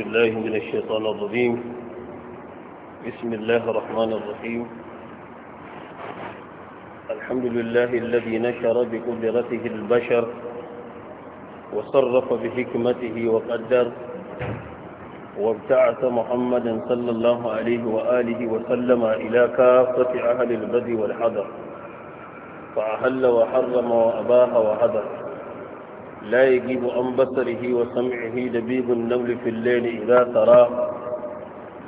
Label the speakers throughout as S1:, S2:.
S1: بالله من الشيطان الرجيم بسم الله الرحمن الرحيم الحمد لله الذي نشر بقدرته البشر وصرف بحكمته وقدر وابتعث محمدا صلى الله عليه وآله وسلم إلى كافة أهل البدء والحذر فأهل وحرم وأباه وهدر لا يجيب عن بصره وسمعه دبيب النمل في الليل إذا ترى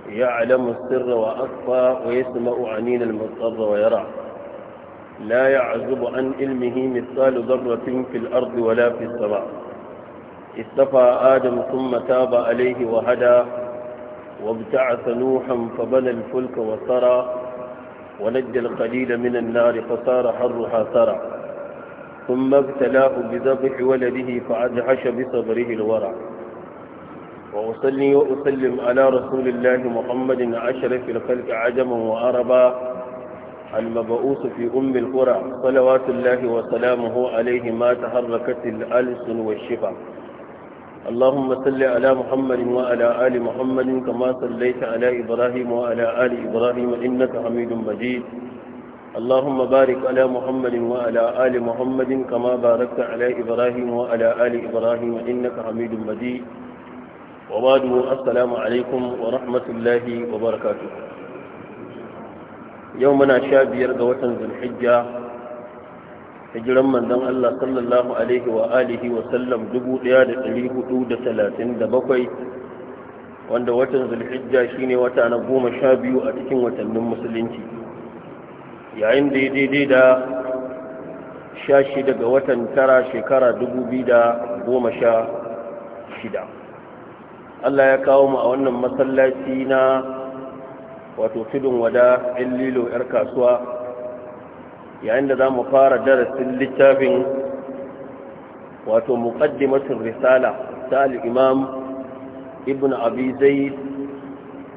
S1: يعلم السر وأخفى ويسمع عنين المضطر ويرى لا يعزب عن علمه مثقال ذرة في الأرض ولا في السماء استفى آدم ثم تاب عليه وهدى وابتعث نوحا فبنى الفلك وسرى ونجى القليل من النار فصار حرها سرى ثم ابتلاه بذبح ولده فأدهش بصبره الورع وأصلي وأسلم على رسول الله محمد أشرف الخلق عجما وأربا المبعوث في أم القرى صلوات الله وسلامه عليه ما تحركت الألسن والشفا اللهم صل على محمد وعلى آل محمد كما صليت على إبراهيم وعلى آل إبراهيم إنك حميد مجيد اللهم بارك على محمد وعلى آل محمد كما باركت على إبراهيم وعلى آل إبراهيم إنك حميد مجيد وبعد السلام عليكم ورحمة الله وبركاته يومنا شاب يرقى وطن ذو الحجة hijiran manzon Allah sallallahu alaihi wa alihi wa sallam 1437 wanda watan Zulhijja shine wata na goma sha biyu a cikin watannin musulunci yayin da ya daidai da sha shida watan tara shekara dubu biyu da goma sha shida allah ya kawo mu a wannan masallaci na wato tudun wada yan lilo yar kasuwa yayin da za mu fara darasin littafin wato muqaddimatul risala ta imam ibn abi Zai,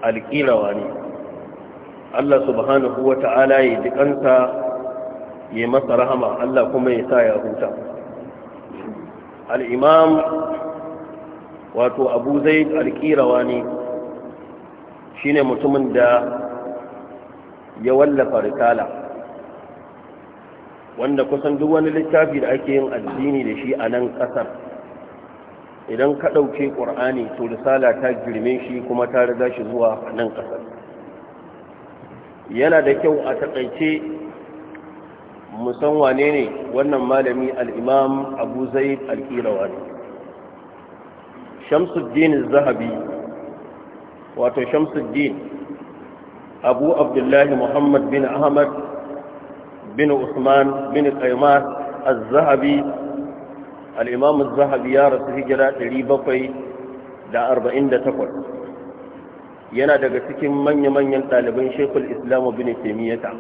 S1: al-qirawani Allah subhanahu wa ta'ala ya ji kansa ya masa rahama Allah kuma ya sa ya huta al'imam wato abu zai alkirawa ne shi ne mutumin da ya wallafa risala wanda kusan duk wani littafi da ake yin addini da shi a nan ƙasar idan ka ɗauke ƙur'ani to risala ta girme shi kuma ta riga shi zuwa nan ƙasar yana da kyau a taƙaice musan wane ne wannan malami al'imam abu zaid alƙirawa ne shamsuddin zahabi wato shamsuddin abu abdullahi muhammad bin ahmad bin usman bin kaimas al-zahabi al'imam al-zahabi ya rasu hijira 748 yana daga cikin manya-manyan ɗaliban shekul islamu bin taimiyyata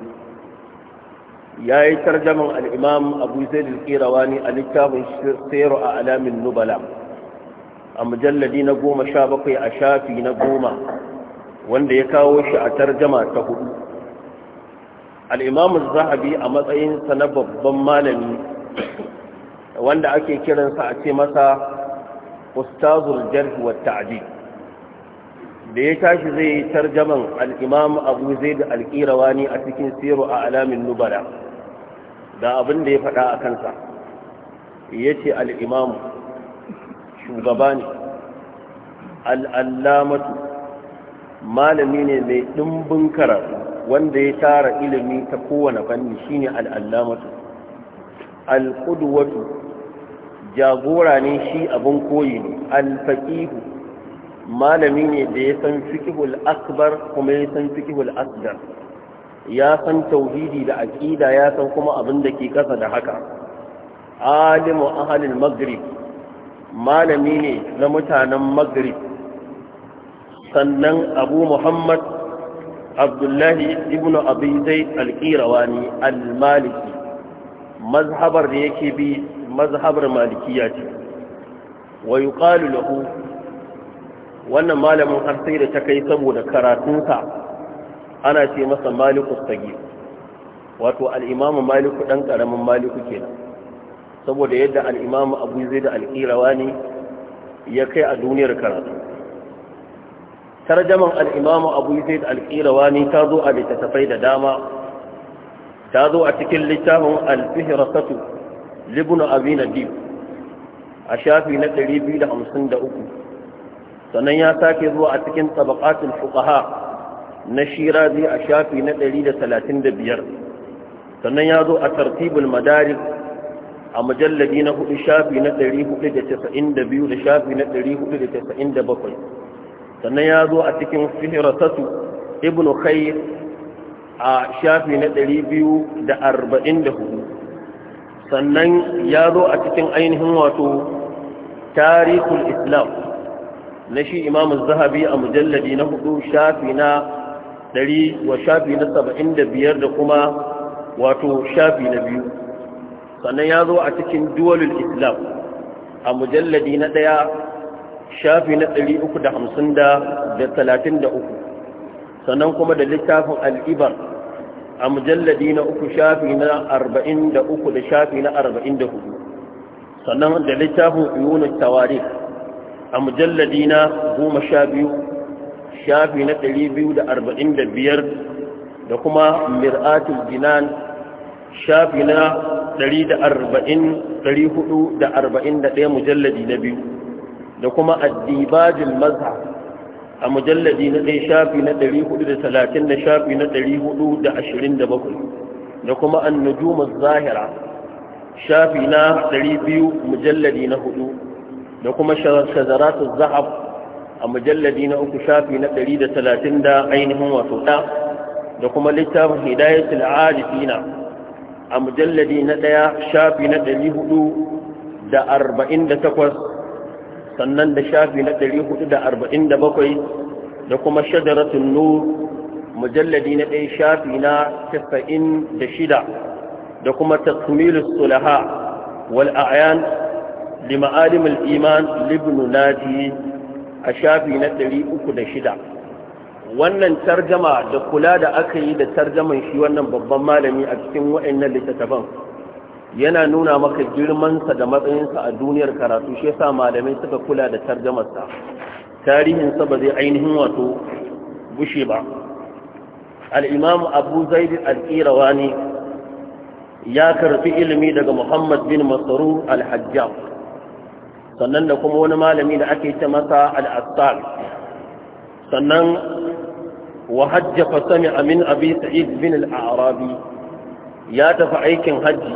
S1: ya yi tarjaman al'imam abu zai kirawa ne a littafin tsero a alamin nubala a mujalladi na goma sha bakwai a shafi na goma wanda ya kawo shi a tarjama ta hudu al'imamun zahabi a matsayinsa na babban malami wanda ake kiransa a ce masa ustazul jarhi wa da ya tashi zai yi tarjaman al'imam abu zai da alƙirawani a cikin siro a alamin nubala da abin da ya faɗa a kansa ya ce al'imam shugaba ne al'allamatu malami ne mai ɗimbin karatu wanda ya tara ilimi ta kowane fanni shine al'allamatu al'uduwatu jagora ne shi abin koyi ne alfaƙihu malami ne da ya san fikihul akbar kuma ya san fikihul asgar ya san tauhidi da aqida ya san kuma abin da ke kasa da haka alimu ahlul maghrib malami ne na mutanen maghrib sannan abu muhammad abdullahi ibnu abi zai al-qirawani al-maliki mazhabar da yake bi mazhabar malikiya ce wa yuqalu lahu wannan malamin har sai da ta kai saboda karatunsa ana ce masa maliku sagi wato al'imamu maliku ɗan ƙaramin maliku kenan saboda yadda al'imamu abu zai da alƙirawa ne ya kai a duniyar karatu tarjaman al'imamu abu zai da alƙirawa ne ta zo a littattafai da dama ta zo a cikin littafin alfihirasatu Libun abinadib a shafi na 253 sannan ya sake zuwa a cikin tabaqatul fuqaha na shirazi a shafi na 135 sannan ya zo a tartibul madarik a mujalladi na hudu shafi na 492 da shafi na 497 sannan ya zo a cikin fihirasatu ibnu khair a shafi na 244 sannan ya zo a cikin ainihin wato tarihul islam na shi imamu zahabi a mujalladi na hudu shafi na ɗari wa shafi na saba'in da biyar da kuma wato shafi na biyu sannan ya zo a cikin duwalul islam a mujalladi na ɗaya shafi na ɗari uku da hamsin da talatin da uku sannan kuma da littafin al'ibar a mujalladi na uku shafi na arba'in da uku da shafi na arba'in da hudu sannan da littafin yunin tawarik a mujalladi na goma sha biyu shafi na ɗari biyu da arba'in da biyar da kuma mir'atul jinan shafi na ɗari da arba'in ɗari hudu da arba'in da ɗaya mujalladi na biyu da kuma addibajin Maza a mujalladi na ɗaya shafi na ɗari hudu da talatin da shafi na ɗari hudu da ashirin da bakwai da kuma annujumar zahira shafi na ɗari biyu mujalladi na hudu da kuma shazaratun zahab a mujalladi na uku shafi na ɗari da talatin da ainihin wato ɗa da kuma littafin hidayatul arifina a mujalladi na ɗaya shafi na ɗari hudu da arba'in da takwas sannan da shafi na ɗari hudu da arba'in da bakwai da kuma shadaratun nur mujalladi na ɗaya shafi na tasa'in da shida da kuma tasmilus sulaha wal a'yan لمعالم الإيمان لابن نادي أشافي نتري أكد shida. wannan tarjama da kula da aka yi da tarjaman shi wannan babban malami a cikin wa'annan littattafan yana nuna maka girmansa da matsayinsa a duniyar karatu shi yasa malamai suka kula da tarjamarsa tarihinsa ba zai ainihin wato bushe ba al'imam abu zaid al'irawa ne ya karfi ilimi daga muhammad bin masaru al sannan da kuma wani malami da ake ce masa al-astar sannan wa hajja Fasami sami'a abi sa'id bin al-arabi ya tafi aikin hajji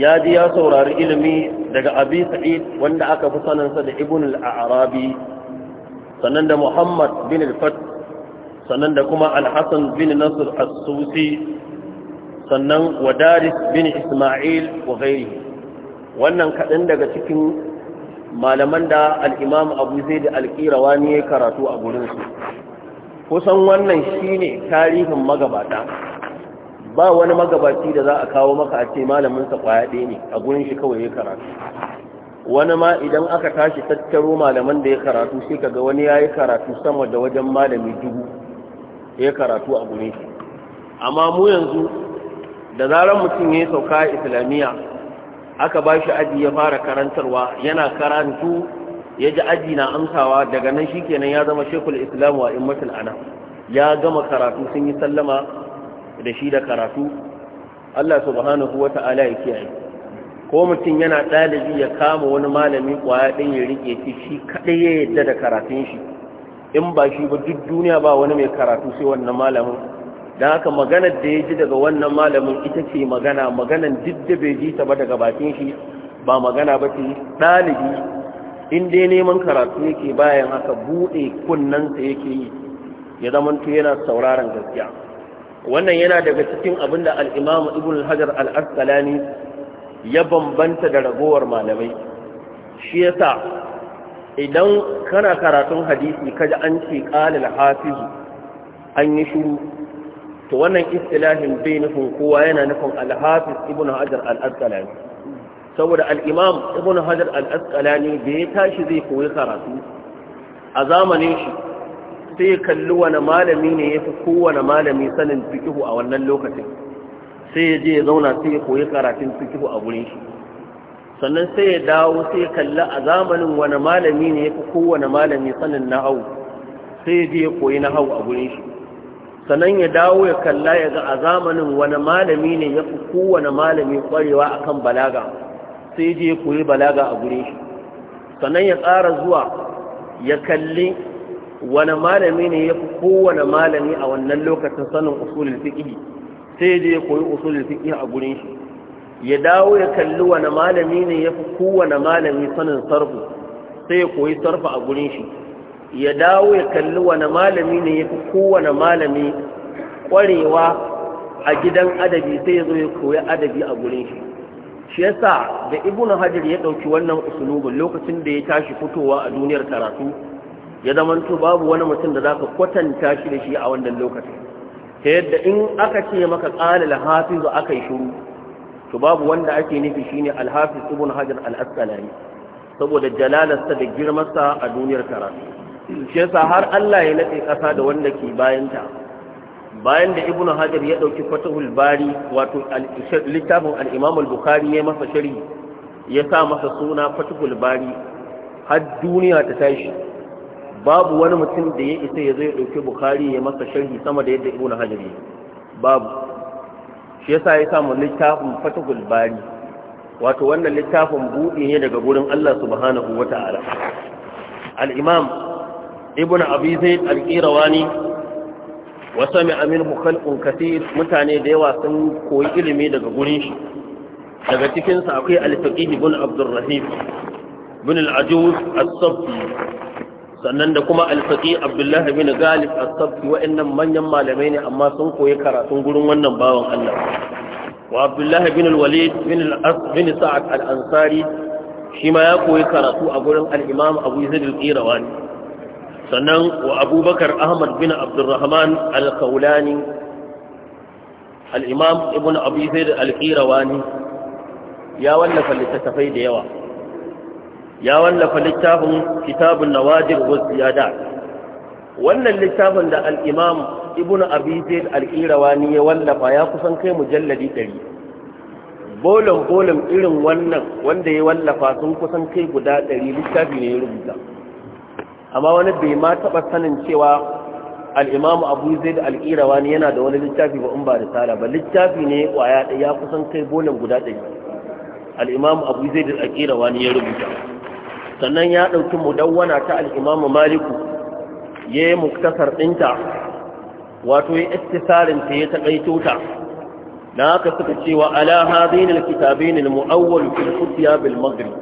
S1: ya ji ya saurari ilimi daga abi sa'id wanda aka fi sanansa da ibn al-arabi sannan da muhammad bin al-fat sannan da kuma al-hasan bin nasr as-susi sannan wadaris bin isma'il wa ghairihi wannan kaɗan daga cikin malaman da al'imam abu zai da alƙirawa ne karatu a gurinsu kusan wannan shine tarihin magabata ba wani magabaci da za a kawo maka a ce malaminsa kwaya ɗaya ne a gurin shi kawai ya karatu wani ma idan aka tashi tattaro malaman da ya karatu sai ga wani ya yi karatu sama da wajen malami dubu ya karatu a gurin shi amma mu yanzu da zarar mutum ya sauka islamiyya aka ba shi aji ya fara karantarwa yana karantu ya ji aji na amsawa daga nan shi kenan ya zama shekul islam wa immatul ana ya gama karatu sun yi sallama da shi da karatu Allah subhanahu wata'ala ya kiyaye ko mutum yana ɗalibi ya kama wani malami kwaya ɗin ya rike shi shi kaɗai ya yarda da karatun shi in ba shi ba duk duniya ba wani mai karatu sai wannan malamin Da haka maganar da ya ji daga wannan malamin ita ce magana maganan didda bai ji ta ba daga bakin shi ba magana ba ce ɗalibi in dai neman karatu yake bayan haka buɗe kunnensa yake yi ya zamanto yana sauraron gaskiya wannan yana daga cikin abin da al'imamu ibn hajar al'asqalani ya bambanta da ragowar malamai shi yasa idan kana karatun hadisi kaji an ce ƙalil hafizu an yi shiru? to wannan istilahin bai nufin kowa yana nufin Alhafis hafiz ibn hajar al-asqalani saboda al-imam ibn hajar al-asqalani da ya tashi zai koyi karatu a zamanin shi sai kalli wani malami ne yafi kowane malami sanin fikihu a wannan lokacin sai ya je ya zauna sai ya koyi karatun fikihu a gurin shi sannan sai ya dawo sai kalla a zamanin wani malami ne yafi kowane malami sanin nahau sai ya je ya koyi nahau a gurin shi sannan ya dawo ya kalla ya ga a zamanin wani malami ne ya fi kowane malami kwarewa akan balaga sai je koyi balaga a gure shi sannan ya tsara zuwa ya kalli wani malami ne ya fi kowane malami a wannan lokacin sanin usulul fiƙi sai je koyi usulul fiƙi a gurin shi ya dawo ya kalli wani malami ne ya fi kowane malami sanin sarfu sai ya koyi sarfa a gurin shi ya dawo ya kalli wani malami ne ya fi kowane malami ƙwarewa a gidan adabi sai ya zo ya koya adabi a gurin shi shi yasa da ibnu hajar ya ɗauki wannan usulubin lokacin da ya tashi fitowa a duniyar karatu ya zamanto babu wani mutum da zaka kwatanta shi da shi a wannan lokacin ta yadda in aka ce maka qala al-hafiz aka yi shiru to babu wanda ake nufi shine al-hafiz ibnu hajar al-asqalani saboda jalalarsa da girmarsa a duniyar karatu shi yasa har Allah ya nade ƙasa da wanda ke bayanta bayan da ibnu hajar ya dauki fatahul bari wato littafin al-imam al-bukhari ya masa shari ya sa masa suna fatahul bari har duniya ta tashi babu wani mutum da ya isa ya zo ya dauki bukhari ya masa sharhi sama da yadda ibnu hajar ya babu shi yasa ya samu littafin fatahul bari wato wannan littafin buɗe ne daga gurin Allah subhanahu wata'ala al-imam ibn abi zaid al-qirawani wa sami minhu khalqun kathir mutane da yawa sun koyi ilimi daga gurin shi daga cikin sa akwai al-faqih ibn rahim, ibn al-ajuz as-sabti sannan da kuma al-faqih abdullah ibn galib as-sabti wa'annan manyan malamai ne amma sun koyi karatun gurin wannan bawan Allah wa abdullah ibn al-walid ibn al-as ibn sa'ad al-ansari shi ma ya koyi karatu a gurin al-imam abu zaid al-qirawani sannan wa abubakar ahmad bin abdurrahman al-kaulani al'imam ibn abu zai da alƙirawani ya wallafa littattafai da yawa ya wallafa littafin kitabun nawajir wasu yada wannan littafin da al'imam ibn abu zai da alƙirawani ya wallafa ya kusan kai mujalladi ɗari bolon-bolon irin wannan wanda ya wallafa sun kusan kai guda ɗari littafi ne ya rubuta amma wani bai ma taɓa sanin cewa al'imamu abu zai da al'irawa ne yana da wani littafi ba in ba da tara ba littafi ne ƙwaya ya kusan kai bolan guda ɗari al'imamu abu zai da al'irawa ne ya rubuta sannan ya ɗauki mudawwana ta al'imamu maliku ya yi muktasar ɗinta wato ya istisarin ta ya taƙaito ta na haka suka cewa ala hadin alkitabain almu'awwal fil qudya bil maghrib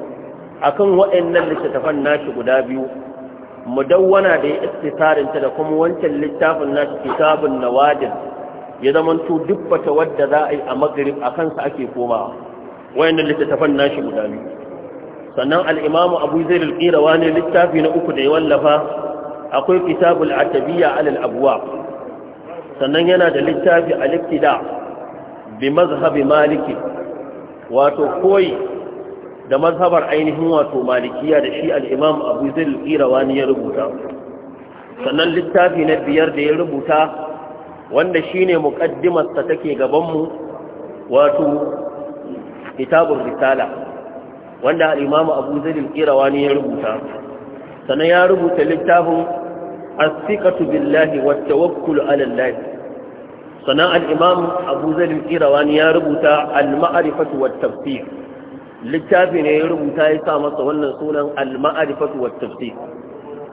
S1: akan wa'annan littafan nashi guda biyu mudawwana da ya istisarinta da kuma wancan littafin na kitabun nawadir ya zamanto duk wata wadda za a yi a magrib a kansa ake komawa wayannan littattafan nashi guda biyu sannan al'imamu abu zai rilƙira ne littafi na uku da ya wallafa akwai kitabul atabiya alal abuwa sannan yana da littafi a ibtida bi mazhabi maliki wato koyi da mazhabar ainihin wato malikiya da shi al'imam abu zai wani ya rubuta sannan littafi na biyar da ya rubuta wanda shi ne muƙaddimarsa take gabanmu wato kitabun risala wanda al'imam abu zai wani ya rubuta sannan ya rubuta littafin asikatu billahi wata wakulu alallahi sannan al'imam abu zai wani ya rubuta al-ma'arifatu wa tafsir littafi ne ya rubuta ya sa masa wannan sunan al-ma'arifatu wat tafsir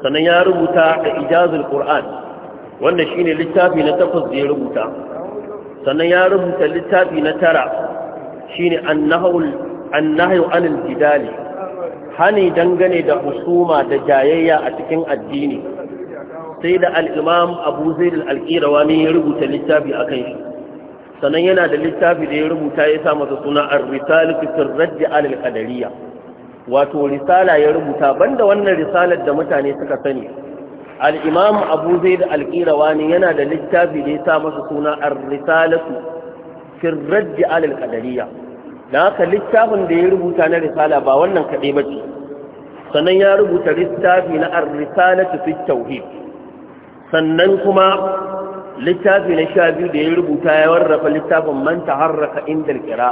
S1: sannan ya rubuta da ijazul qur'an wannan shine littafi na takwas da ya rubuta sannan ya rubuta littafi na tara shine an-nahwul an-nahyu anil jidali hani dangane da husuma da jayayya a cikin addini sai da al-imam Abu Zaid al-Qirawani ya rubuta littafi akan shi sannan yana da littafi da ya rubuta ya sa masa suna ar-risalu fi sirrati alal qadariyya wato risala ya rubuta banda wannan risalar da mutane suka sani al-imam Abu Zaid al-Qirawani yana da littafi da ya sa masa suna ar-risalatu fi sirrati alal qadariyya haka littafin da ya rubuta na risala ba wannan kadai bace sannan ya rubuta littafi na ar-risalatu fi tauhid sannan kuma littafi na sha biyu da ya rubuta ya warrafa littafin man harraka inda kira.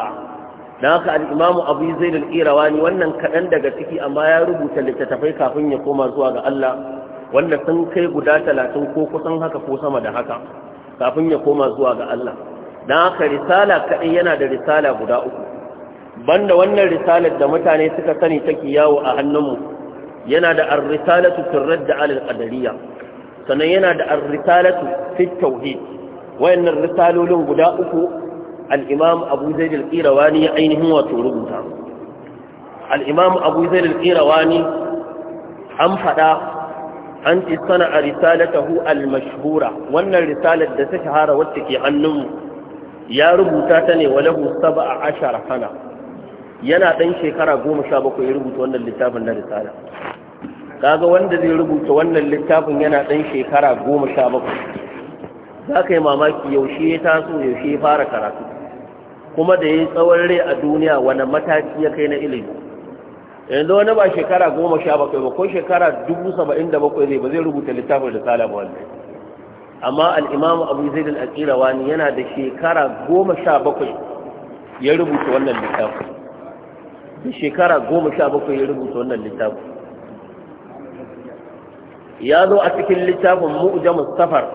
S1: Na haka al'imamu abu zai da al-irawani wannan kaɗan daga ciki amma ya rubuta littattafai kafin ya koma zuwa ga Allah wanda sun kai guda talatin ko kusan haka ko sama da haka kafin ya koma zuwa ga Allah Na haka risala kaɗai yana da risala guda uku banda wannan risalar da mutane suka sani take yawo a hannunmu yana da ar-risalatu fi radd 'ala al-qadariyya sannan yana da ar-risalatu fi tauhid wayannan risalolin guda uku al-imam Abu Zaid al-Qirawani ya ainihin wato rubuta al-imam Abu Zaid al-Qirawani an fada an tsana a risalatahu al-mashhura wannan risalar da ta shahara wacce ke hannunmu ya rubuta ta ne walahu sab'a ashara sana yana dan shekara 17 ya rubuta wannan littafin na risala kaga wanda zai rubuta wannan littafin yana ɗan shekara goma sha bakwai za ka yi mamaki yaushe ya taso yaushe ya fara karatu kuma da ya yi tsawon rai a duniya wani mataki ya kai na ilimi yanzu wani ba shekara goma sha bakwai ba ko shekara dubu saba'in da bakwai zai ba zai rubuta littafin da sala ba wannan amma al'imam abu zai dal akirawa ne yana da shekara goma sha bakwai ya rubuta wannan littafin da shekara goma sha bakwai ya rubuta wannan littafin ya zo a cikin littafin mu'jamus safar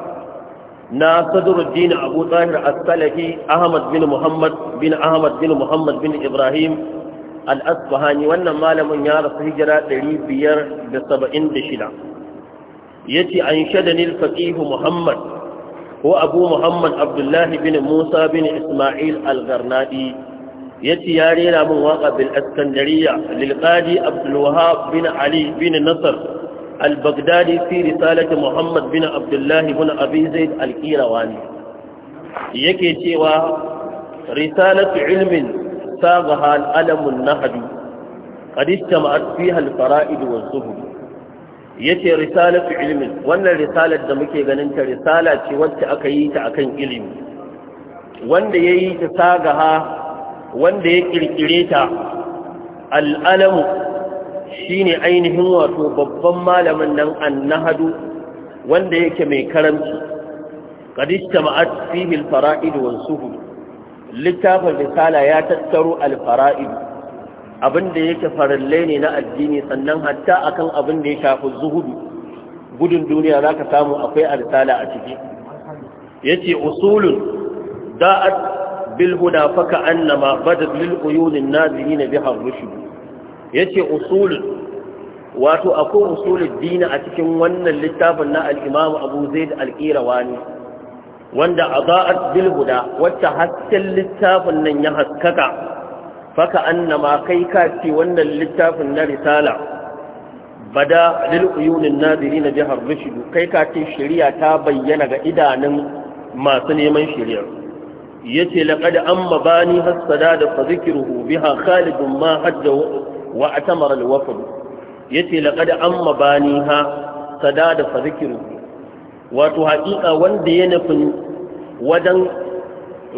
S1: na sadruddin abu tahir as-salafi ahmad bin muhammad bin ahmad bin muhammad bin ibrahim al-asfahani wannan malamin ya rasu hijira 576 yace an shadanil faqih muhammad ko abu muhammad abdullahi bin musa bin isma'il al-garnadi yace ya rera min waqa bil askandariya lil qadi abdul bin ali bin nasr al-baghdadi fi risalati muhammad bin abdullahi bin abi zaid al-qirawani yake cewa risalatu ilmin sagaha al-alamun nahdu qad istama'at fiha al-fara'id wa zuhud yace risalatu ilmin wannan risalar da muke ganin ta risala ce wacce aka yi ta akan ilimi wanda yayi ta sagaha wanda ya ƙirƙire ta al'alamu Shi ne ainihin wato babban malamin nan annahadu wanda yake mai karamci qadista ma'at fihi al-fara'id wa suhu littafin risala ya tattaro al-fara'id abinda yake farallai ne na addini sannan hatta akan abin da ya shafi zuhudu gudun duniya zaka samu akwai a risala a ciki yace usulun da'at bil huda faka annama badat lil uyunin nazirin biha bi rushd yace usul wato akwai usulul dini a cikin wannan littafin na al Abu zai da al-Qirawani wanda adaat bil huda wacce hasken littafin nan ya haskaka faka annama kai ka ce wannan littafin na risala bada lil uyunin na jihar rushd kai ka ce shari'a ta bayyana ga idanun masu neman ce yace laqad amma bani hasada da fadhkiruhu biha khalidun ma hajjahu wa atamara alwafd yace laqad amma baniha sada da fazikiru wato haƙiƙa wanda ya nufin wajen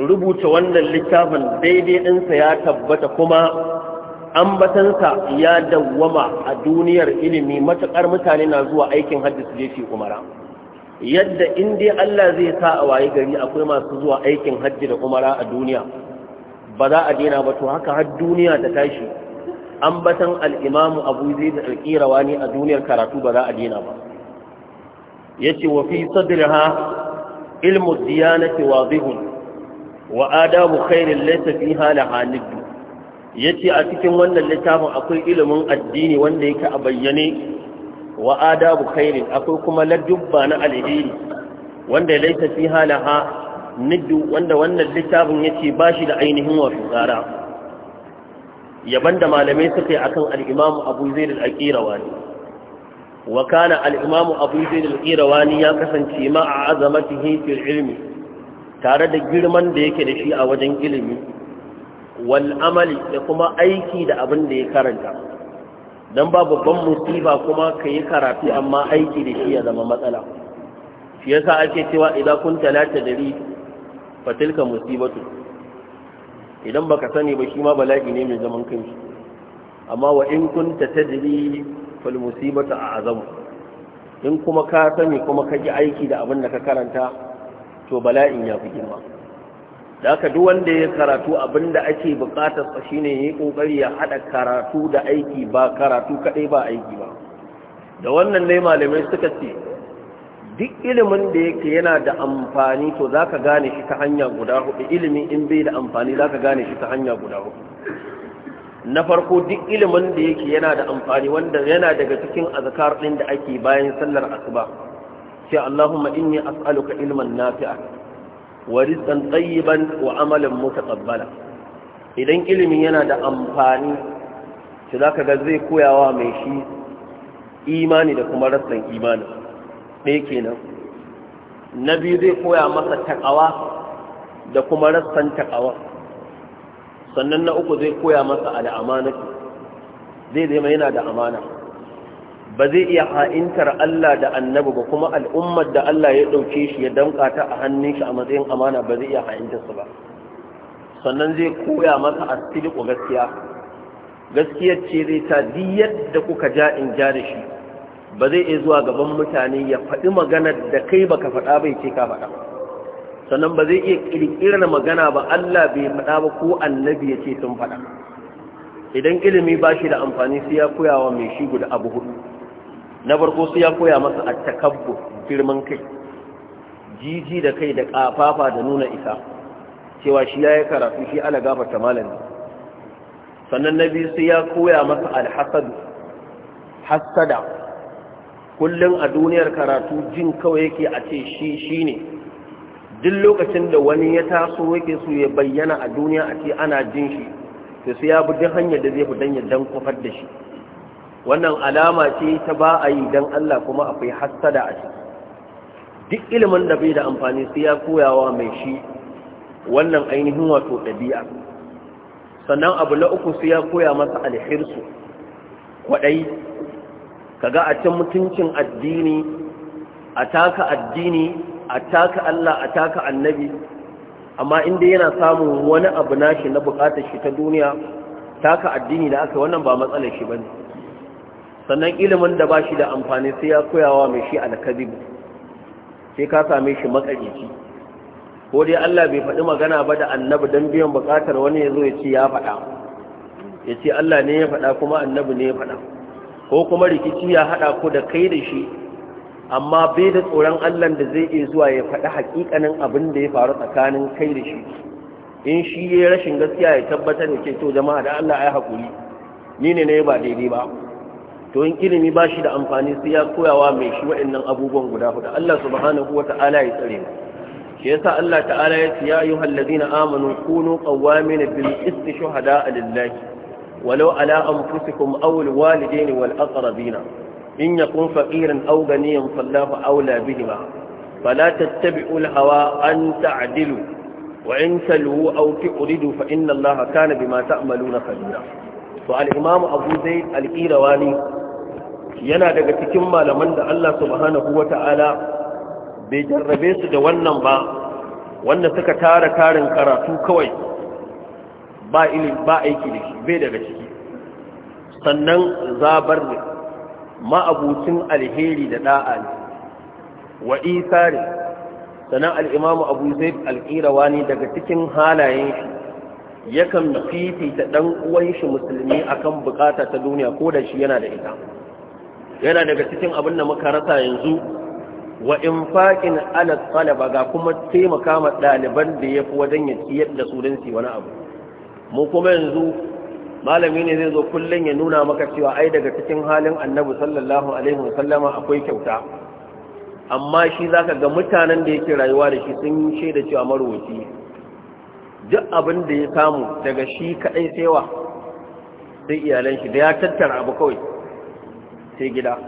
S1: rubuta wannan littafin daidai ɗinsa ya tabbata kuma ambatansa ya dawwama a duniyar ilimi matuƙar mutane na zuwa aikin hajji su je shi umara yadda in dai Allah zai sa a waye gari akwai masu zuwa aikin hajji da umara a duniya ba za a daina ba to haka har duniya ta tashi ambatan al'imamu abu zai da alƙirawa ne a duniyar karatu ba za a dina ba ya ce wa fi ha ilmu diyanati wa zihun wa adabu khairin laisa fi hala halittu ya ce a cikin wannan littafin akwai ilimin addini wanda yake a bayyane wa adabu khairin akwai kuma ladubba na alheri wanda laisa fi hala ha niddu wanda wannan littafin ce ba shi da ainihin wasu tsara yaban da malamai suka yi akan kan imam Abu zai al-Qirawani wa kana Abu Zaid al-Qirawani ya kasance ma a azamatihi fil ilmi tare da girman da yake da shi a wajen ilimi walamali amali da kuma aiki da abin da ya karanta dan ba babban musiba kuma yi karatu amma aiki da shi ya zama matsala shi yasa ake cewa idan kun talata dari fatilka musibatu idan baka sani ba shi ma bala'i ne mai zaman kanki amma wa in kunta tadri fal musibatu azam. in kuma ka sani kuma ka ji aiki da abin da ka karanta to bala'in ya fi girma da haka duk wanda ya karatu abin da ake bukatar sa shine yayi kokari ya hada karatu da aiki ba karatu kadai ba aiki ba da wannan ne malamai suka ce duk ilimin da yake yana da amfani to za ka gane shi ta hanya guda hudu ilimin in bai da amfani za ka gane shi ta hanya guda
S2: hudu
S1: na farko duk ilimin da yake yana da amfani wanda yana daga cikin azkar ɗin da ake bayan sallar asuba sai Allahumma inni as'aluka ilman nafi'a wa rizqan tayyiban wa amalan mutaqabbala idan ilimin yana da amfani shi ka ga zai koyawa mai shi imani da kuma rasan imani ɗaya kenan na biyu zai koya masa taƙawa da kuma rassan taƙawa sannan na uku zai koya masa al'amanatu zai zai mai yana da amana ba zai iya ha'intar Allah da annabi ba kuma al'ummar da Allah ya ɗauke shi ya damƙa ta a hannun shi a matsayin amana ba zai iya su ba sannan zai koya masa asiri gaskiya gaskiyar ce zai ta diyar da kuka ja in ja da shi ba zai iya zuwa gaban mutane ya faɗi magana da kai baka faɗa bai ce ka faɗa sannan ba zai iya ƙirƙirar magana ba Allah bai faɗa ba ko annabi ya ce sun faɗa idan ilimi ba shi da amfani sai ya koya wa mai shi guda abu hudu na farko sai ya koya masa a takabbu girman kai jiji da kai da ƙafafa da nuna isa cewa shi ya yi karatu shi ana gafarta malami sannan na biyu sai ya koya masa alhassadu hassada kullum a duniyar karatu jin kawai yake a ce shi shi ne duk lokacin da wani ya taso yake su ya bayyana a duniya a ce ana jin shi to sai ya bi duk hanyar da zai fi dan ya dan kufar da shi wannan alama ce ta ba a yi dan Allah kuma akwai hassada a ciki duk ilimin da bai da amfani sai ya koyawa mai shi wannan ainihin wato ɗabi'a sannan abu na uku sai ya koya masa alhirsu kwaɗayi kaga a can mutuncin addini a taka addini a taka Allah a taka annabi amma inda yana samun wani abu nashi na bukatar shi ta duniya taka addini da aka wannan ba matsalar shi bane sannan ilimin da bashi da amfani sai ya koyawa mai shi alkazib sai ka same shi makarici ko dai Allah bai faɗi magana ba da annabi dan biyan bukatar wani yazo ya ce ya faɗa ya ce Allah ne ya faɗa kuma annabi ne ya faɗa ko kuma rikici ya haɗa ku da kai da shi amma bai da tsoron Allah da zai iya zuwa ya faɗi haƙiƙanin abin da ya faru tsakanin kai da shi in shi ya rashin gaskiya ya tabbatar da ke to jama'a da Allah ya haƙuri ni ne ne ba daidai ba to in ilimi ba shi da amfani sai ya koyawa mai shi waɗannan abubuwan guda hudu Allah subhanahu wa ta'ala ya tsare mu shi yasa Allah ta'ala ya ce ya ayyuhal ladina amanu kunu qawwamina bil qist shuhada lillahi ولو على أنفسكم أو الوالدين والأقربين إن يكون فقيرا أو غنيا فالله أولى بهما فلا تتبعوا الهوى أن تعدلوا وإن تلووا أو تؤردوا فإن الله كان بما تعملون خبيرا فالإمام أبو زيد القيرواني yana daga cikin malaman da Allah subhanahu wata'ala bai jarrabe su da wannan ba wanda suka tara karin karatu kawai ba ilim ba aiki da shi bai daga ciki sannan zabar ne ma'abucin alheri da da'a ne wa isari sannan al'imamu abu zai alƙirawa ne daga cikin halayen shi yakan fifita ɗan uwan shi musulmi akan bukata ta duniya ko da shi yana da ita yana daga cikin abin da muka rasa yanzu wa infaqin ala talaba ga kuma taimaka ma ɗaliban da yafi wajen ya ciyar da su don su wani abu mu kuma yanzu malami ne zai zo kullum ya nuna maka cewa ai daga cikin halin annabi sallallahu alaihi wasallama akwai kyauta amma shi zaka ga mutanen da yake rayuwa da shi sun shaida cewa marwaci duk abin da ya samu daga shi kadai saiwa sai iyalan shi da ya tattara abu kawai sai gida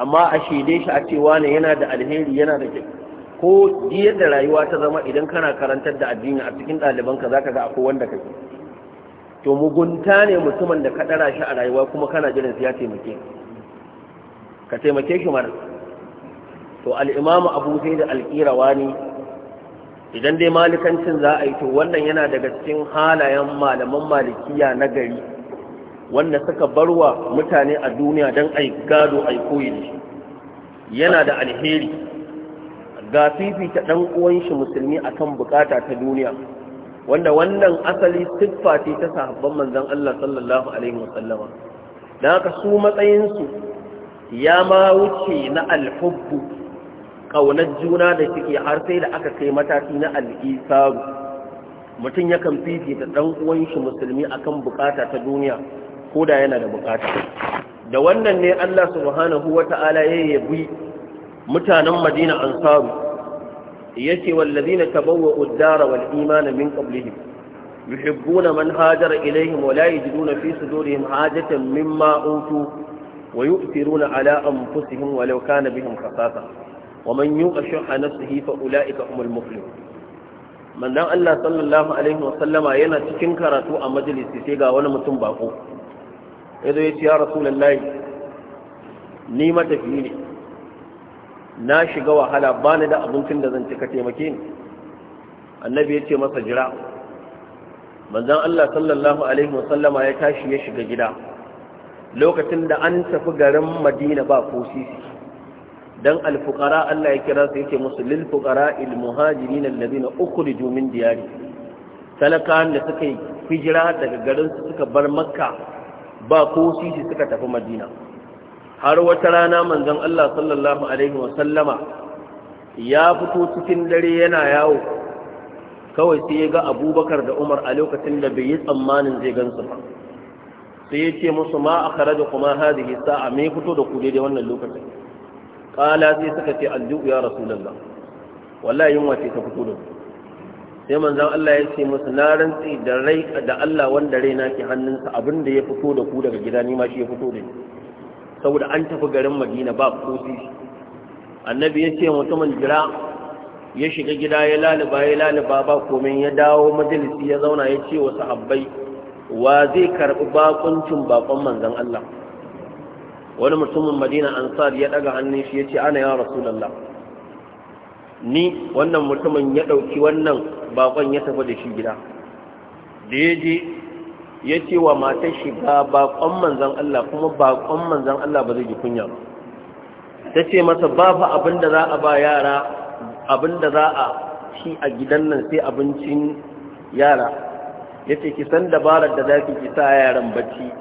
S1: amma a shaide shi a cewa ne yana da alheri yana da kyau ko yadda rayuwa ta zama idan kana karantar da addini a cikin ɗalibanka za ka ga akwai wanda kake to mugunta ne mutumin da ka ɗara shi a rayuwa kuma kana jiran ya taimake ka taimake shi mara to al'imamu abu sai da alƙirawa ne idan dai malikancin za a yi to wannan yana daga cikin halayen malaman malikiya na gari wanda suka barwa mutane a duniya don a gado a koyi da yana da alheri ga fifita ɗan uwan shi musulmi akan bukata ta duniya wanda wannan asali siffa ce ta sahabban manzan Allah sallallahu alaihi wasallama dan haka su matsayin su ya ma wuce na alhubbu ƙaunar juna da suke har sai da aka kai mataki na al'isaru mutum yakan fifita ɗan uwan shi musulmi akan bukata ta duniya ko da yana da bukata da wannan ne Allah subhanahu wata'ala ya yabi mutanen Madina Ansaru yace wallazina tabawwa'u ad-dara wal imana min qablihim yuhibbuna man hajara ilayhim wa la yajiduna fi sudurihim hajatan mimma utu wa yu'thiruna ala anfusihim walau kana bihim khasasa wa man yuqashu nafsihi fa ulaika humul muflihun manzon Allah sallallahu alaihi wa sallama yana cikin karatu a majalisi sai ga wani mutum bako yazo yace ya rasulullahi ni matafi ne na shiga wahala ba ni da abincin da zan cika taimake ni annabi ya ce masa jira manzan Allah sallallahu alaihi wasallama ya tashi ya shiga gida lokacin da an tafi garin madina ba ko sisi don alfukara Allah ya kira su yake musu lil fuqara al muhajirin alladhina ukhriju min diyari talakan da suka hijira daga garin su suka bar makka ba ko sisi suka tafi madina har wata rana manzon Allah sallallahu alaihi wa sallama ya fito cikin dare yana yawo kawai sai ya ga abubakar da umar a lokacin da bai yi tsammanin zai gansu ba sai ya ce musu ma a kare da kuma hadihi sa'a me fito da ku daidai wannan lokacin kala sai suka ce aljihu ya rasulallah wallahi yunwa ce ta fito da ku sai manzan Allah ya ce musu na rantsi da rai da Allah wanda rai na ke hannunsa abin da ya fito da ku daga gida ni ma shi ya fito da ni saboda an tafi garin madina ba kofi annabi ya ce mutumin jira ya shiga gida ya laliba ya laliba ba komai ya dawo majalisi ya zauna ya ce wasu sahabbai wa zai karɓi bakuncin bakon manzan Allah wani mutumin madina ansar ya daga hannun shi ya ce ana ya rasulallah ni wannan mutumin ya ɗauki wannan bakon ya tafi da shi gida da ya je ya ce wa matar shiga baƙon manzan Allah kuma baƙon manzan Allah ba zai ji kunya ba ta ce masa babu abin da za a ba yara abin da za a ci a gidan nan sai abincin yara ya ce ki san dabarar da za ki ki sa yaran bacci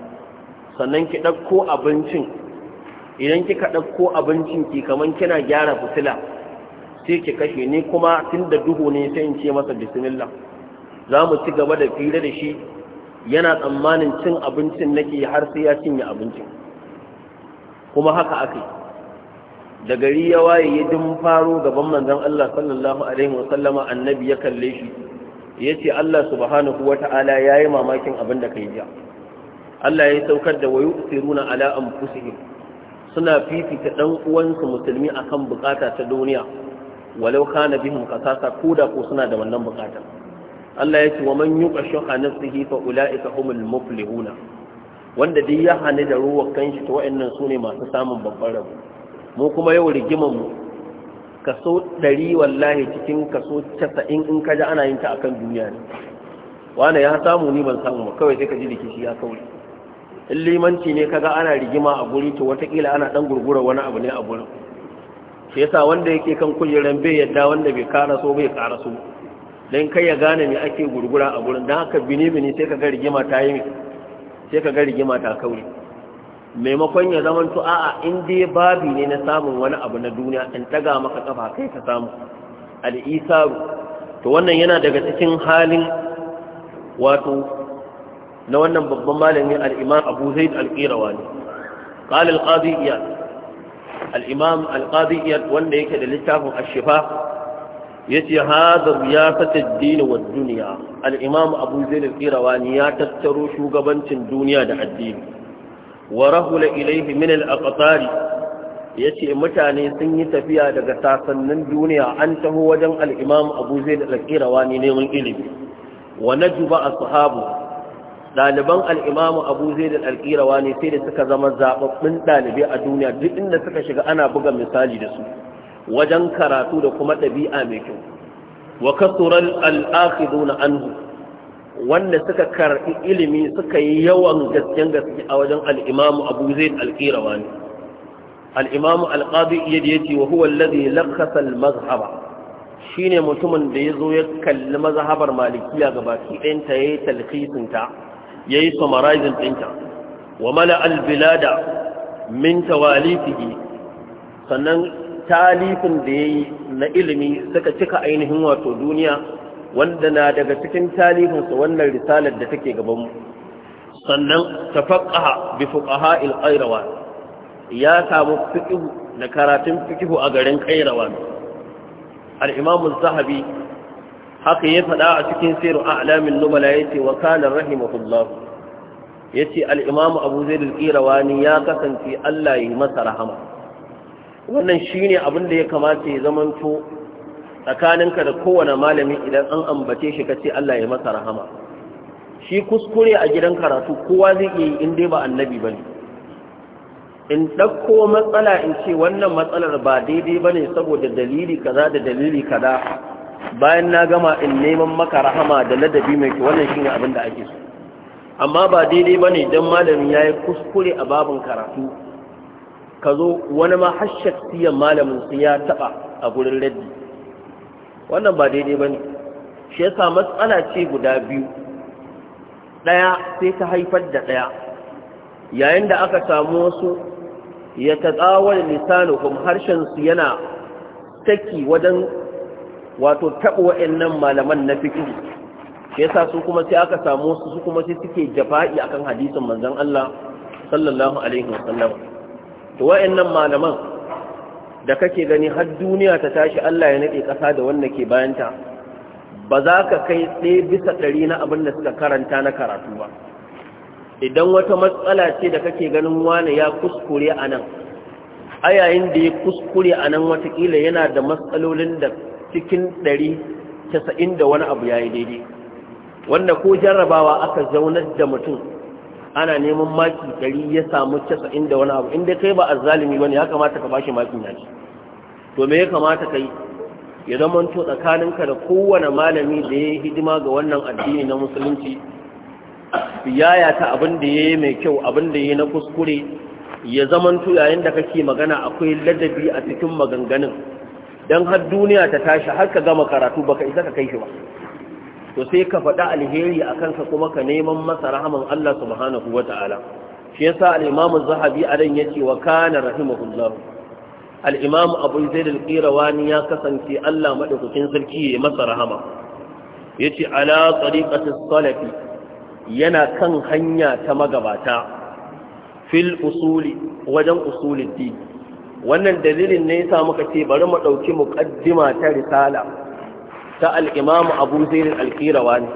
S1: sannan ki ɗauko abincin idan kika ɗauko abincin ki kamar kina gyara fitila sai ki kashe ni kuma tun da duhu ne sai in ce masa bismillah za mu ci gaba da fira da shi yana tsammanin cin abincin nake har sai ya cinye abincin kuma haka aka da gari ya waye ya dun faro gaban manzon Allah sallallahu alaihi wa annabi ya kalle shi yace Allah subhanahu wata'ala yayi mamakin abin da kai jiya Allah ya saukar da wayu siruna ala anfusihim suna fifita dan uwansu musulmi akan bukata ta duniya walau kana bihim qasasa koda ko suna da wannan bukatar Allah ya ce wa man yuqa shuha nafsihi fa ulaika humul muflihuna wanda duk ya hane da ruwa kanshi to wayannan sune masu samun babban rabo mu kuma yau rigimar mu kaso 100 wallahi cikin kaso 90 in ji ana yin ta akan duniya ne wani ya samu ni ban samu ba kawai sai ka ji rikici ya kauri in limanci ne kaga ana rigima a guri to watakila ana dan gurgura wani abu ne a gurin shi yasa wanda yake kan kujeran bai yadda wanda bai karaso bai karaso don kai ya gane me ake gurgura a gurin don haka bini bini sai ka ga rigima ta yi sai ka ga rigima ta kauri maimakon ya zama to a'a in dai babi ne na samun wani abu na duniya in taga maka kafa kai ka samu al'isaru to wannan yana daga cikin halin wato na wannan babban malami al Abu Zaid al-Qirawani qala al-qadi iyad al-imam al-qadi iyad wanda yake da littafin ash-shifa yace hada riyasatu ad-din wa dunya al-imam abu zaid al-qirawani ya tattaro shugabancin duniya da addini wa rahula ilayhi min al-aqtari yace mutane sun yi tafiya daga sasannin duniya an taho wajen al-imam abu zaid al-qirawani neman ilimi wa najba ashabu daliban al-imam abu zaid al-qirawani sai da suka zama zababbin dalibai a duniya duk inda suka shiga ana buga misali da su wajen karatu da kuma ɗabi'a mai kyau wa kasuran na anhu wanda suka karɓi ilimi suka yi yawan gaske gaske a wajen al'imamu abu zaid alƙirawa ne al'imamu alƙadi iya da ya ce wa huwa lazi lakasa mazhaba shi ne mutumin da ya zo ya kalli mazhabar malikiya gabaki Ɗanta ya yi talkisinta ya yi summarizing ɗinta wa mala albilada min tawalifihi sannan talifin da ya yi na ilimi suka cika ainihin wato duniya wanda na daga cikin talifinsa wannan risalar da take gabanmu sannan tafaqqaha bi fuqaha al ƙairawa ya samu fiqh na karatun fiqh a garin ƙairawa. al zahabi haka ya faɗa a cikin siru a'lamin ya ce wa kana rahimahullah Ya ce imam abu zaid al ya kasance Allah yi masa rahama wannan shine abin da ya kamata ya zamanto tsakaninka da kowane malami idan an ambace shi kace Allah ya masa rahama shi kuskure a gidan karatu kowa zai iya yi in dai ba annabi bane in dauko matsala in ce wannan matsalar ba daidai bane saboda dalili kaza da dalili kaza bayan na gama in neman maka rahama da ladabi mai kyau wannan shine abin da ake so amma ba daidai bane dan malami yayi kuskure a babin karatu ka zo wani ma har shaksiyan malamin su ya taɓa a gurin raddi wannan ba daidai ba ne shi yasa matsala ce guda biyu ɗaya sai ta haifar da ɗaya yayin da aka samu wasu ya tatsawar harshen harshensu yana taki wajen wato taɓa wa'annan malaman na fikiri shi yasa su kuma sai aka samu wasu su kuma sai suke jafa'i akan hadisin manzon Allah sallallahu alaihi wasallam to nan malaman da kake gani har duniya ta tashi Allah ya naɗe ƙasa da wanda ke bayanta ba za ka kai ɗaya bisa ɗari na abin da suka karanta na karatu ba idan wata matsala ce da kake ganin wani ya kuskure a nan a yayin da ya kuskure a nan watakila yana da matsalolin da cikin ɗari casa'in da wani abu ya yi daidai wanda ko jarrabawa aka zaunar da mutum ana neman maki ɗari ya samu casa'in da wani abu inda kai ba a ba ne ya kamata ka bashi makin yaki to me ya kamata ka yi ya zama to tsakaninka da kowane malami da ya hidima ga wannan addini na musulunci yaya ta abin da ya yi mai kyau abin da ya yi na kuskure ya zama to yayin da kake magana akwai ladabi a cikin maganganun don har duniya ta tashi har ka gama karatu baka isa ka kai shi ba to sai ka faɗa alheri a kansa kuma ka neman masa rahaman Allah subhanahu wa ta'ala shi yasa al zahabi a zahabi adan yace wa kana rahimahullah al-imam abu zaid al-qirawani ya kasance Allah maɗaukakin sarki ya masa rahama yace ala tariqati salafi yana kan hanya ta magabata fil usuli wajen usulin di wannan dalilin ne yasa muka ce bari mu ɗauki muƙaddima ta risala ta al'imamu abu zairin alkirawa ne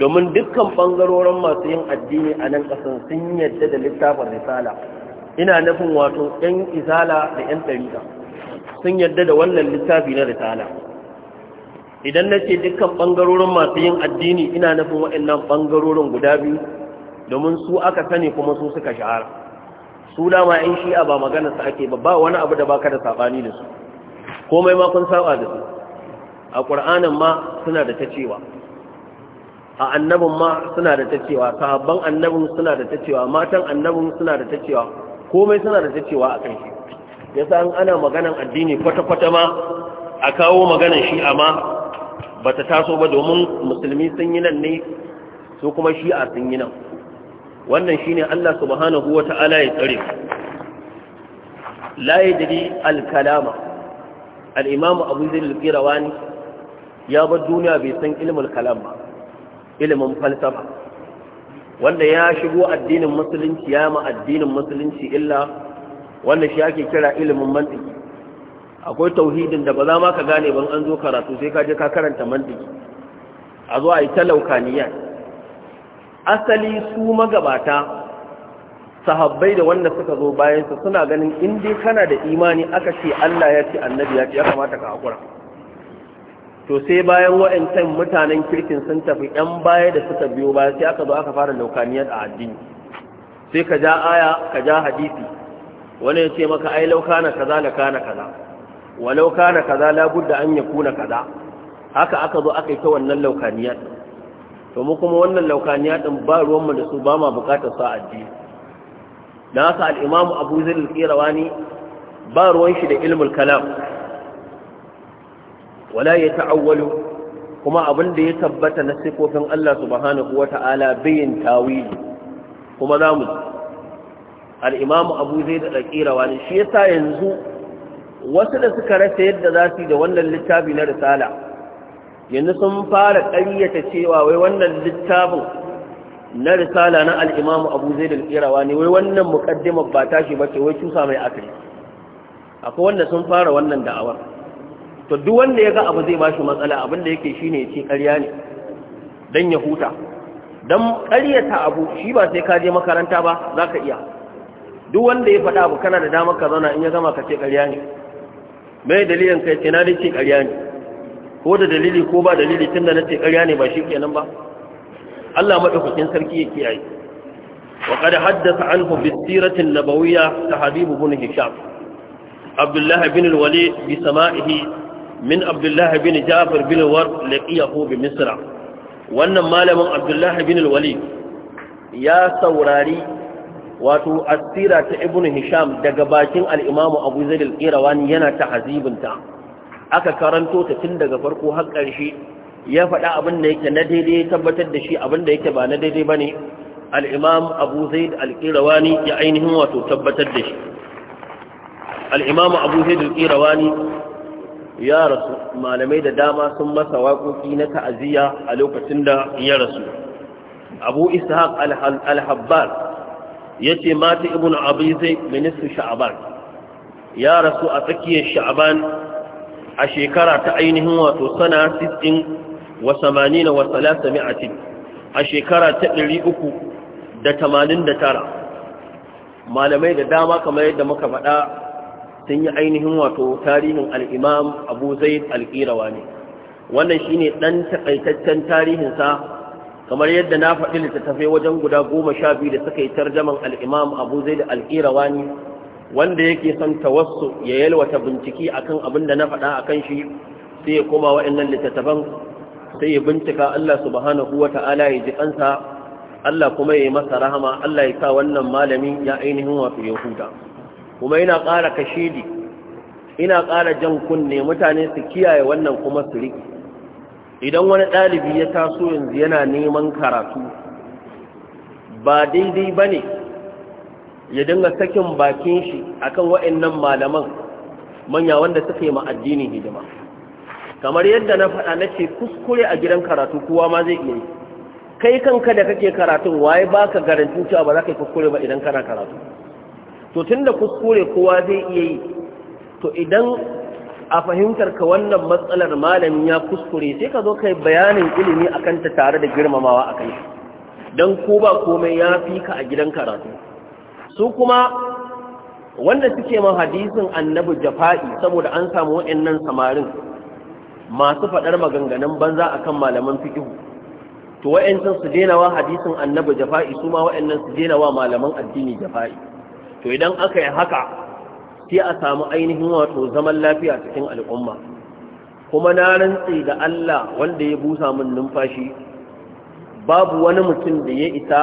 S1: domin dukkan ɓangarorin masu yin addini a nan ƙasar sun yadda da littafin risala ina nufin wato ‘yan isala da ‘yan ɗarika sun yadda da wannan littafi na risala idan na ce dukkan ɓangarorin masu yin addini ina nufin waɗannan ɓangarorin guda biyu domin su aka sani kuma su suka shahara su dama ‘yan shi'a ba maganarsa ake ba wani abu da baka da saɓani da su komai ma kun saɓa da su a ƙur'anin ma suna da ta cewa a annabin ma suna da ta cewa sahabban annabin suna da ta cewa matan annabin suna da ta cewa komai suna da ta cewa a kan shi ya sa ana maganan addini kwata-kwata ma a kawo maganan shi amma ba ta taso ba domin musulmi sun yi nan ne su kuma a sun yi nan wannan shi ne Allah subhanahu wa ta'ala ya tsare
S2: la al-kalama
S1: al-imam Abu Zar al ya bar duniya bai san ilimin kalam ba ilmin falsafa wanda ya shigo addinin musulunci ya ma addinin musulunci illa wanda shi ake kira ilimin mantiki akwai tauhidin da ba za ma ka gane ban an zo karatu sai ka je ka karanta mantiki a zo a yi asali su magabata sahabbai da wanda suka zo bayansa suna ganin in dai kana da imani aka ce Allah ya ce annabi ya ce ya kamata ka hakura to sai bayan wa'ancan mutanen kirkin sun tafi yan baya da suka biyo baya sai aka zo aka fara laukaniyar a addini sai ka ja aya ka ja hadisi wani ya ce maka ai na kaza na kana kaza Wa lauka na kaza la da an na kaza haka aka zo aka yi ta wannan laukaniyar to mu kuma wannan laukaniyar din ba ruwanmu da su ba ma bukatar sa addini na haka al-Imam Abu Zar ba ruwan shi da ilmul kalam wala ya ta'awwalu kuma abin da ya tabbata na sifofin Allah subhanahu wata'ala bayin tawili kuma zamu al-imam Abu Zaid al ne shi yasa yanzu wasu da suka rasa yadda za su yi da wannan littafi na risala yanzu sun fara ƙaryata cewa wai wannan littafin na risala na al-imam Abu Zaid al ne wai wannan muqaddimar ba tashi bace wai cusa mai akali akwai wanda sun fara wannan da'awar to duk wanda ya ga abu zai bashi matsala abin da yake shine ya ce ƙarya ne dan ya huta dan ƙaryata abu shi ba sai ka je makaranta ba za ka iya duk wanda ya faɗa abu kana da damar ka zauna in ya gama ka ce ƙarya ne mai dalilin kai ce na ce ƙarya ne ko da dalili ko ba dalili tun da na ce ƙarya ne ba shi kenan ba Allah maɗaukakin sarki ya kiyaye wa qad haddatha anhu bi sirati nabawiyya ta Habibu ibn hisham abdullah ibn al-walid bi sama'ihi min abdullahi bin jafar bin war laqiyahu bi misra wannan malamin abdullahi bin walid ya saurari wato asira ta ibnu hisham daga bakin al-imamu abu zaid al-irawani yana tahzibinta aka karanto ta tun daga farko har ƙarshe ya faɗa abin da yake na daidai ya tabbatar da shi abin da yake ba na daidai ba ne. imam abu zaid al-irawani ya ainihin wato tabbatar da shi al-imam abu zaid al-irawani ya rasu malamai da dama sun masa waƙoƙi na ta'aziyya a lokacin da ya rasu abu ishaq al-habbar ya ce mata ibn Abizai Ministan sha'aban ya rasu a tsakiyar sha'aban a shekara ta ainihin wato sana 60 wa 80 a shekara ta 389 malamai da dama kamar yadda muka faɗa sun yi ainihin wato tarihin al'imam abu zaid alƙirawa ne wannan shi ne ɗan taƙaitaccen tarihinsa kamar yadda na faɗi littattafai wajen guda goma sha biyu da suka yi tarjaman al'imam abu zaid alƙirawa ne wanda yake son tawassu ya yalwata a kan abin da na faɗa akan shi sai ya koma wa'annan littattafan sai ya bincika Allah subhanahu wata'ala ya ji kansa Allah kuma ya yi masa rahama Allah ya sa wannan malami ya ainihin wato yahuda kuma ina ƙara kashedi ina ƙara jan kunne mutane su kiyaye wannan kuma su riƙe idan wani ɗalibi ya taso yanzu yana neman karatu ba daidai ba ne ya dinga sakin bakin shi akan wa'annan malaman manya wanda suka yi ma'addinin hidima kamar yadda na faɗa na ce kuskure a gidan karatu kowa ma zai iya yi kai kanka da kake karatun waye baka garantin cewa ba za ka yi kuskure ba idan kana karatu to tun da kuskure kowa zai iya yi to idan a fahimtar ka wannan matsalar malamin ya kuskure sai ka zo kai bayanin ilimi akan ta tare da girmamawa a kai, don ko ba komai ya fi ka a gidan karatu su kuma wanda suke ma hadisin annabi jafa'i saboda an samu waɗannan samarin masu faɗar maganganun banza akan malaman fikihu to wa'ancan su daina wa hadisin annabi jafa'i su ma wa'annan su daina wa malaman addini jafa'i to idan aka yi haka sai a samu ainihin wato zaman lafiya cikin al'umma kuma na rantse da Allah wanda ya busa min numfashi babu wani mutum da ya isa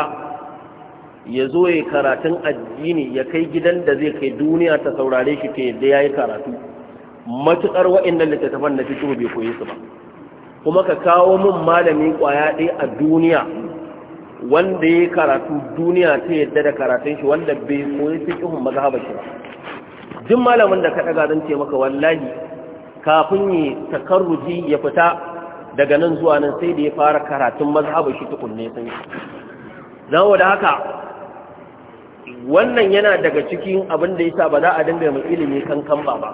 S1: ya zo ya karatun addini ya kai gidan da zai kai duniya ta saurare shi ta yadda ya yi karatu matuƙar waɗannan littattafan na fito bai koyi su ba kuma ka kawo min malami ƙwaya ɗaya a duniya wanda ya karatu duniya ta yadda da karatun shi wanda bai koyi maza mazhabar shi ba Jin malamin da ka daga zan ce maka wallahi kafin yi takarruji ya fita daga nan zuwa nan sai da ya fara karatun mazhabar shi tukunne sun zawo wada haka wannan yana daga cikin abin da ya sa ba za a dinga mai ilimi kankan ba ba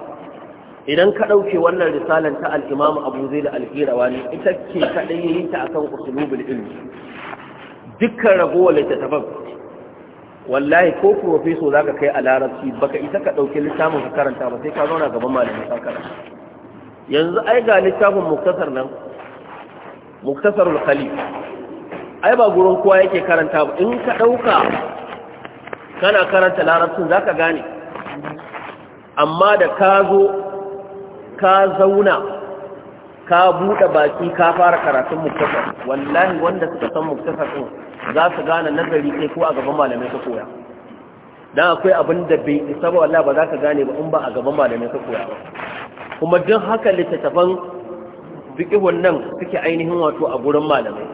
S1: idan ka ɗauke wannan risalar ta al'imamu abu zai da alfira ne ita ce kaɗai yi ta a kan usulubul ilmi dukkan ragowar littattafan wallahi ko profeso za ka kai a larabci baka isa ka ɗauki littafin ka karanta ba sai ka zauna gaban malamin ka karanta yanzu ai ga littafin muktasar nan muktasar khali ai ba gurin kowa yake karanta ba in ka ɗauka kana karanta larabcin za ka gane amma da ka zo ka zauna ka buɗe baki ka fara karatun muktasar wallahi wanda suka san muktasar ɗin za su gane nazari sai ko a gaban malamai ka koya dan akwai abin da bai isa ba wallahi ba za ka gane ba in ba a gaban malamai ka koya ba kuma duk haka littattafan fiqhun nan suke ainihin wato a gurin malamai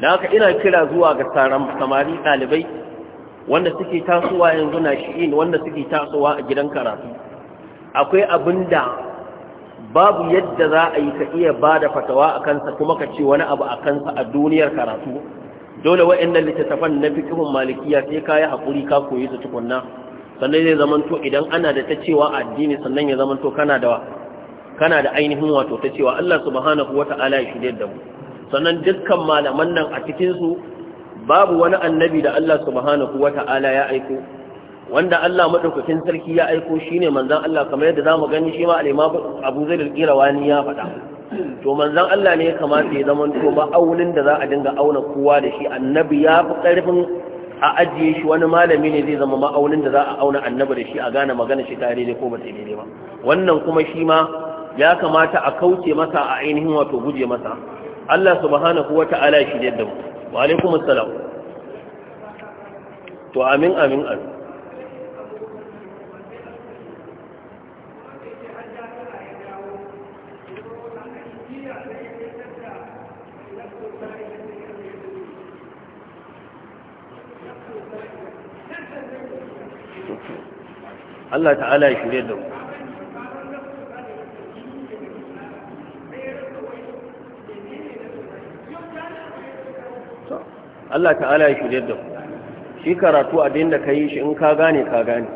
S1: dan haka ina kira zuwa ga taron samari ɗalibai wanda suke tasowa yanzu na shi'in wanda suke tasowa a gidan karatu akwai abin da babu yadda za a yi ka iya ba da fatawa a kansa kuma ka ce wani abu a kansa a duniyar karatu dole wa'annan littattafan na fikihun malikiya sai ka yi haƙuri ka koyi su tukunna sannan zai zamanto idan ana da ta cewa addini sannan ya zamanto kana da kana da ainihin wato ta cewa Allah subhanahu wata'ala ya shirye da mu sannan dukkan malaman nan a cikin su babu wani annabi da Allah subhanahu wata'ala ya aiko wanda Allah madaukakin sarki ya aiko shine manzon Allah kamar yadda zamu gani shi ma al-Imam Abu Zaid al-Qirawani ya faɗa to manzon Allah ne ya kamata ya zama to ba aunin da za a dinga auna kowa da shi annabi ya fi karfin a ajiye shi wani malami ne zai zama ma'aunin da za a auna annabi da shi a gane magana shi tare ne ko ba tare ne ba wannan kuma shi ma ya kamata a kauce masa a ainihin wato guje masa Allah subhanahu wata'ala shi da mu wa alaikumus salam to amin amin amin
S2: Allah ta'ala ya shirye da mu
S1: Allah ta'ala ya shirye da mu shi karatu abin da ka yi shi in ka gane ka gane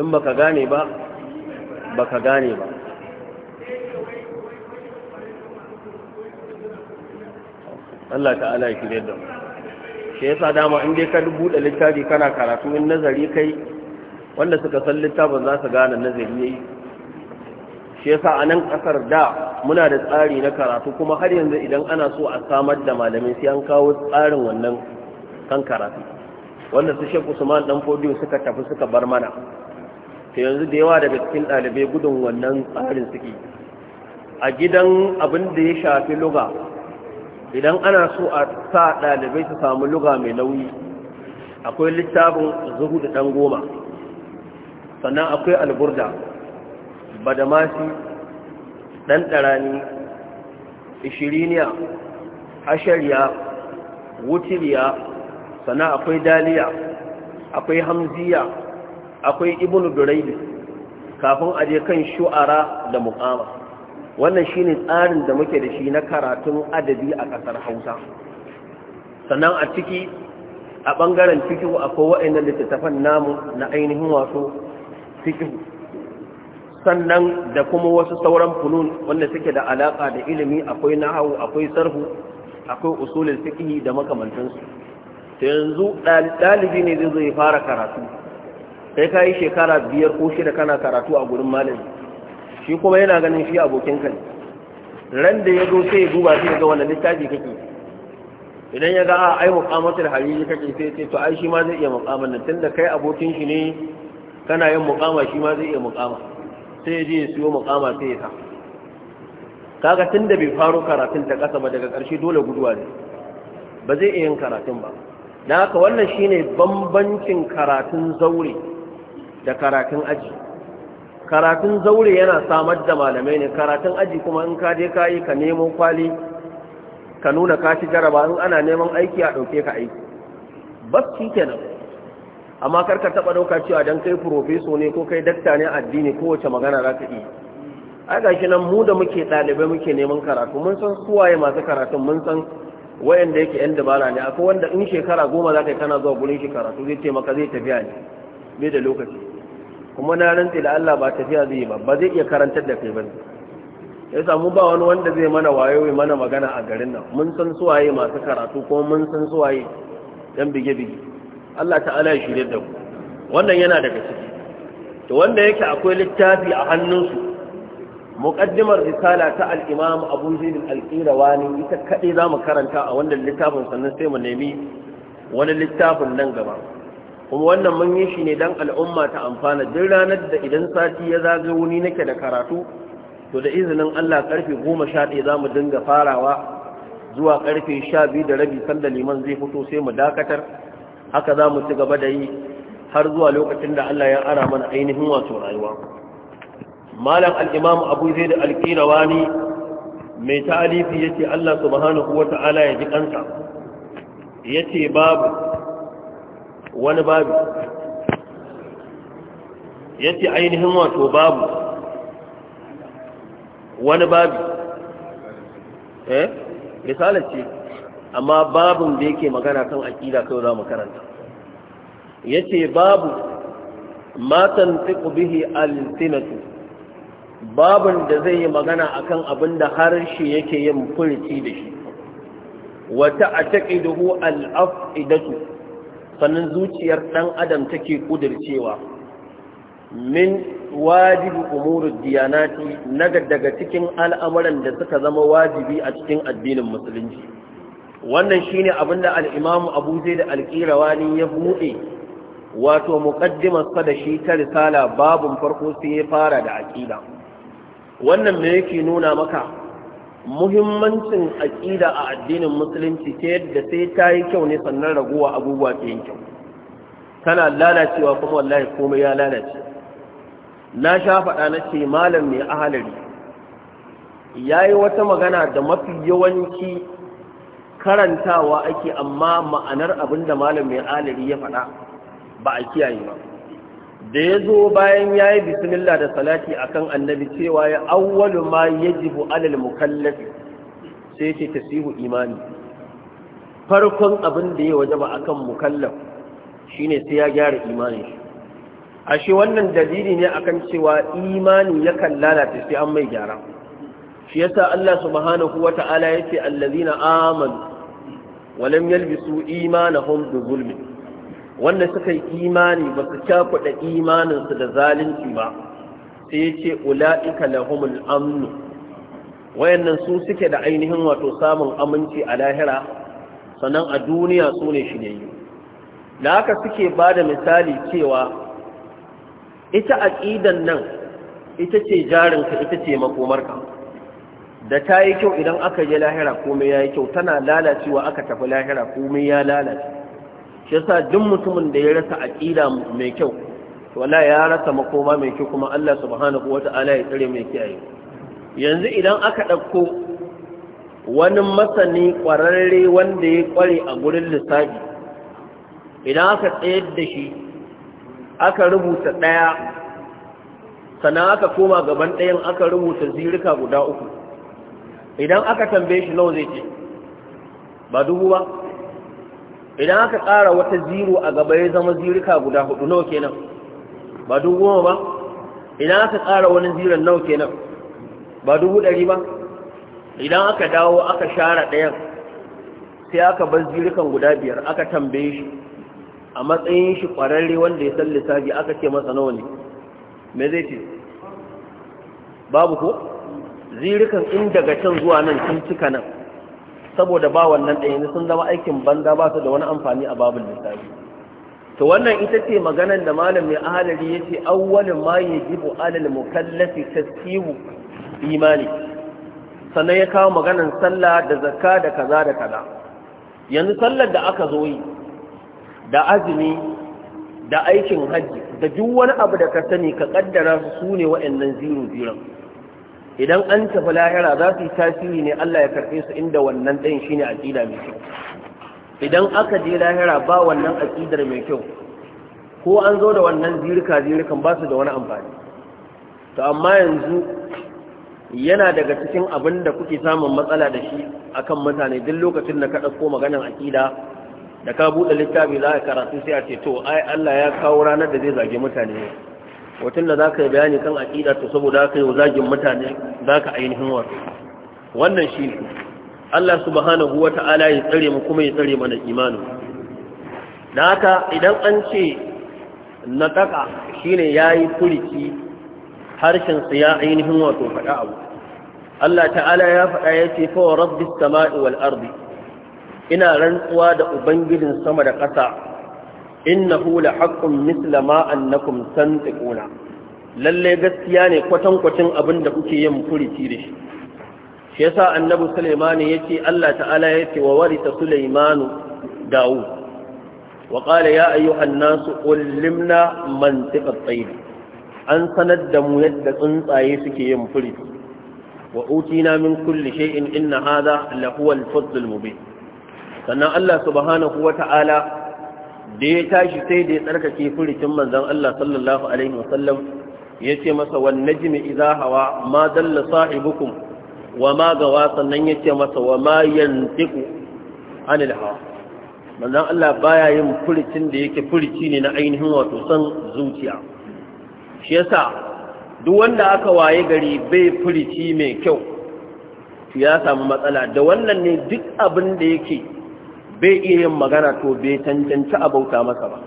S1: in baka gane ba baka gane ba
S2: Allah ta'ala ya shirye da
S1: mu shi sa dama in dai ka buɗe littafi kana karatu in nazari kai wanda suka san littafin za su gane nazari yayi shi sa a nan ƙasar da muna da tsari na karatu kuma har yanzu idan ana so a samar da malamai sai an kawo tsarin wannan kan karatu wanda su Sheikh Usman dan Fodiyo suka tafi suka bar mana to yanzu da yawa daga cikin ɗalibai gudun wannan tsarin suke a gidan abin da ya shafi luga idan ana so a sa ɗalibai su samu luga mai nauyi akwai littafin zuhu da ɗan goma sannan akwai alburda badamasi ɗan ɗarani ishiriniya ashariya wutiriya sannan akwai daliya akwai hamziya akwai ibn duraibi kafin a je kan shu'ara da muƙama wannan shine tsarin da muke da shi na karatun adabi a ƙasar hausa sannan a ciki a ɓangaren fikihu akwai waɗannan littattafan namu na ainihin wasu fikihu sannan da kuma wasu sauran funun wanda suke da alaƙa da ilimi akwai nahawu akwai sarhu akwai usulin fikihi da makamantansu ta yanzu ɗalibi ne zai zai fara karatu sai ka yi shekara biyar ko shida kana karatu a gurin malami shi kuma yana ganin shi abokin kan ran da ya zo sai ya duba sai ya ga wannan littafi kake idan ya ga ai muqamatul hariri kake sai sai to ai shi ma zai iya muqaman nan tunda kai abokin shi ne kana yin muqama shi ma zai iya muqama sai ya je ya siyo muqama sai ya sa kaga tunda bai faro karatun ta kasa ba daga ƙarshe dole guduwa ne ba zai iya yin karatun ba da haka wannan shine bambancin karatun zaure da karatun aji karatun zaure yana samar da malamai ne karatun aji kuma in ka je ka yi ka nemo kwali ka nuna ka shi jaraba in ana neman aiki a ɗauke ka aiki shi kenan amma kar ka taɓa ɗauka cewa don kai furofeso ne ko kai dakta ne addini kowace magana za ka iya a gashi nan mu da muke ɗalibai muke neman karatu mun san suwaye masu karatu mun san wayanda yake yan dabara ne akwai wanda in shekara goma za ka yi kana zuwa gurin shi karatu zai ce maka zai tafiya ne bai da lokaci kuma na rantse da Allah ba tafiya zai yi ba ba zai iya karantar da kai ba ya samu ba wani wanda zai mana wayoyi mana magana a garin nan mun san suwaye masu karatu kuma mun san suwaye dan bige-bige Allah ta'ala ya shirya da ku wannan yana daga ciki to wanda yake akwai littafi a hannunsu muqaddimar risala ta al-Imam Abu Zaid al-Qirawani ita kadai zamu karanta a wannan littafin sannan sai mu nemi wani littafin nan gaba kuma wannan mun yi shi ne dan al'umma ta amfana duk ranar da idan sati ya zaga wuni nake da karatu to da izinin Allah karfe 11 zamu dinga farawa zuwa karfe 12 da rabi sanda liman zai fito sai mu dakatar haka zamu ci gaba da yi har zuwa lokacin da Allah ya ara mana ainihin wato rayuwa malam al-imam Abu Zaid mai ta'alifi yace Allah subhanahu wata'ala ya ji kansa yace babu wani babu yace ainihin wato babu wani babu eh risala ce amma babun da yake magana kan aqida kai za mu karanta yace babu ma tantiqu bihi al-tinatu babun da zai yi magana akan abinda harshe yake yin furci da shi wata a taƙiduhu al'af'idatu sannan zuciyar ɗan adam take ƙudurcewa min wajibi umurud diyanati naga daga cikin al'amuran da suka zama wajibi a cikin addinin musulunci wannan shine abinda al-imamu Abu Zaid al ya buɗe wato muqaddimar da shi ta risala babun farko sai ya fara da aƙila. wannan me yake nuna maka muhimmancin aƙida a addinin musulunci ta yadda sai ta yi kyau ne sannan raguwa abubuwa ke yin kyau tana lalacewa kuma wallahi komai ya lalace na sha faɗa na ce malam mai ahalari ya yi wata magana da mafi yawanci karantawa ake amma ma'anar abin da malam mai ahalari ya faɗa ba a kiyaye ba da ya zo bayan ya yi bismillah da salati akan annabi cewa ya awwalu ma yajibu alal mukallafi sai yake tasihu imani farkon abin da ya wajaba akan mukallaf shine sai ya gyara imani shi ashe wannan dalili ne akan cewa imani yakan lalata sai an mai gyara shi yasa Allah subhanahu wata'ala yace allazina amanu wa lam yalbisu imanahum bi zulmin wanda suka yi imani ba su cakuɗa imaninsu da zalunci ba sai ya ce ula'ika lahumul amnu wayannan su suke da ainihin wato samun aminci a lahira sannan a duniya su ne yi. da haka suke ba da misali cewa ita aƙidan nan ita ce jarinka ita ce makomarka da tayi kyau idan aka yi lahira komai ya yi kyau tana lalacewa aka tafi lahira komai ya lalace shi yasa duk mutumin da ya rasa aqida mai kyau Allah ya rasa makoma mai kyau kuma Allah subhanahu wata'ala ya tsare mai kiyaye yanzu idan aka dauko wani masani kwararre wanda ya kware a gurin lissafi idan aka tsayar da shi aka rubuta daya sannan aka koma gaban ɗayan aka rubuta zirika guda uku idan aka tambaye shi nawa zai ce ba dubu ba idan aka ƙara wata ziro a gaba ya zama zirika guda hudu nawa kenan ba dubu goma ba idan aka ƙara wani ziron nawa kenan ba dubu ɗari ba idan aka dawo aka share ɗayan sai aka bar zirikan guda biyar aka tambaye shi a matsayin shi ƙwararre wanda ya san lissafi aka ce masa nawa ne me zai ce babu ko zirikan in daga can zuwa nan sun cika nan saboda ba wannan ɗaya ne sun zama aikin banza ba su da wani amfani a babin lissafi to wannan ita ce maganar da malam mai ahalari ya ce awwalin ma ya jibu alal mukallafi tasbihu imani sannan ya kawo maganar sallah da zakka da kaza da kaza yanzu sallar da aka zo yi da azumi da aikin hajji da duk wani abu da ka sani ka kaddara su ne wa'annan zero zero idan an tafi lahira za su yi tasiri ne Allah ya karfe su inda wannan ɗayan shi ne aƙida mai kyau idan aka je lahira ba wannan aƙidar mai kyau ko an zo da wannan zirka zirkan ba su da wani amfani to amma yanzu yana daga cikin abin da kuke samun matsala da shi a kan mutane duk lokacin da ka ɗauko maganar aƙida da ka buɗe littafi za ka karatu sai a ce to ai Allah ya kawo ranar da zai zage mutane watan da za ka yi bayani kan aƙida ta saboda haka yau zagin mutane za ka ainihin wato wannan shi ne Allah subhanahu wa ta'ala ya tsare mu kuma ya tsare mana imanin da haka idan an ce na ƙaƙa shi ne ya yi furici harshensa ya ainihin wato faɗa abu Allah ta'ala ya faɗa ya ce fa rabbi sama'i wal ardi ina rantsuwa da ubangijin sama da ƙasa innahu la haqqun misla ma annakum tantiquna lalle gaskiya ne kwatan kwatin abin da kuke yin furici da shi shi yasa annabi ya ce Allah ta'ala yace wa warita sulaimanu daud wa qala ya ayyuhan nasu ullimna mantiqa at an sanar da mu yadda tsuntsaye suke yin furici wa utina min kulli shay'in inna hadha la huwa al-fadl al-mubin sannan Allah subhanahu wa ta'ala da ya tashi sai da ya tsarkake furikin manzon Allah sallallahu alaihi wasallam yace masa wan najmi idha hawa ma dalla sahibukum wa ma gawa sannan yace masa wa ma yantiqu anil hawa manzon Allah baya yin furicin da yake furici ne na ainihin wato san zuciya shi yasa duk wanda aka waye gari bai furici mai kyau ya samu matsala da wannan ne duk abin da yake bai iya yin magana to bai tantance a bauta masa ba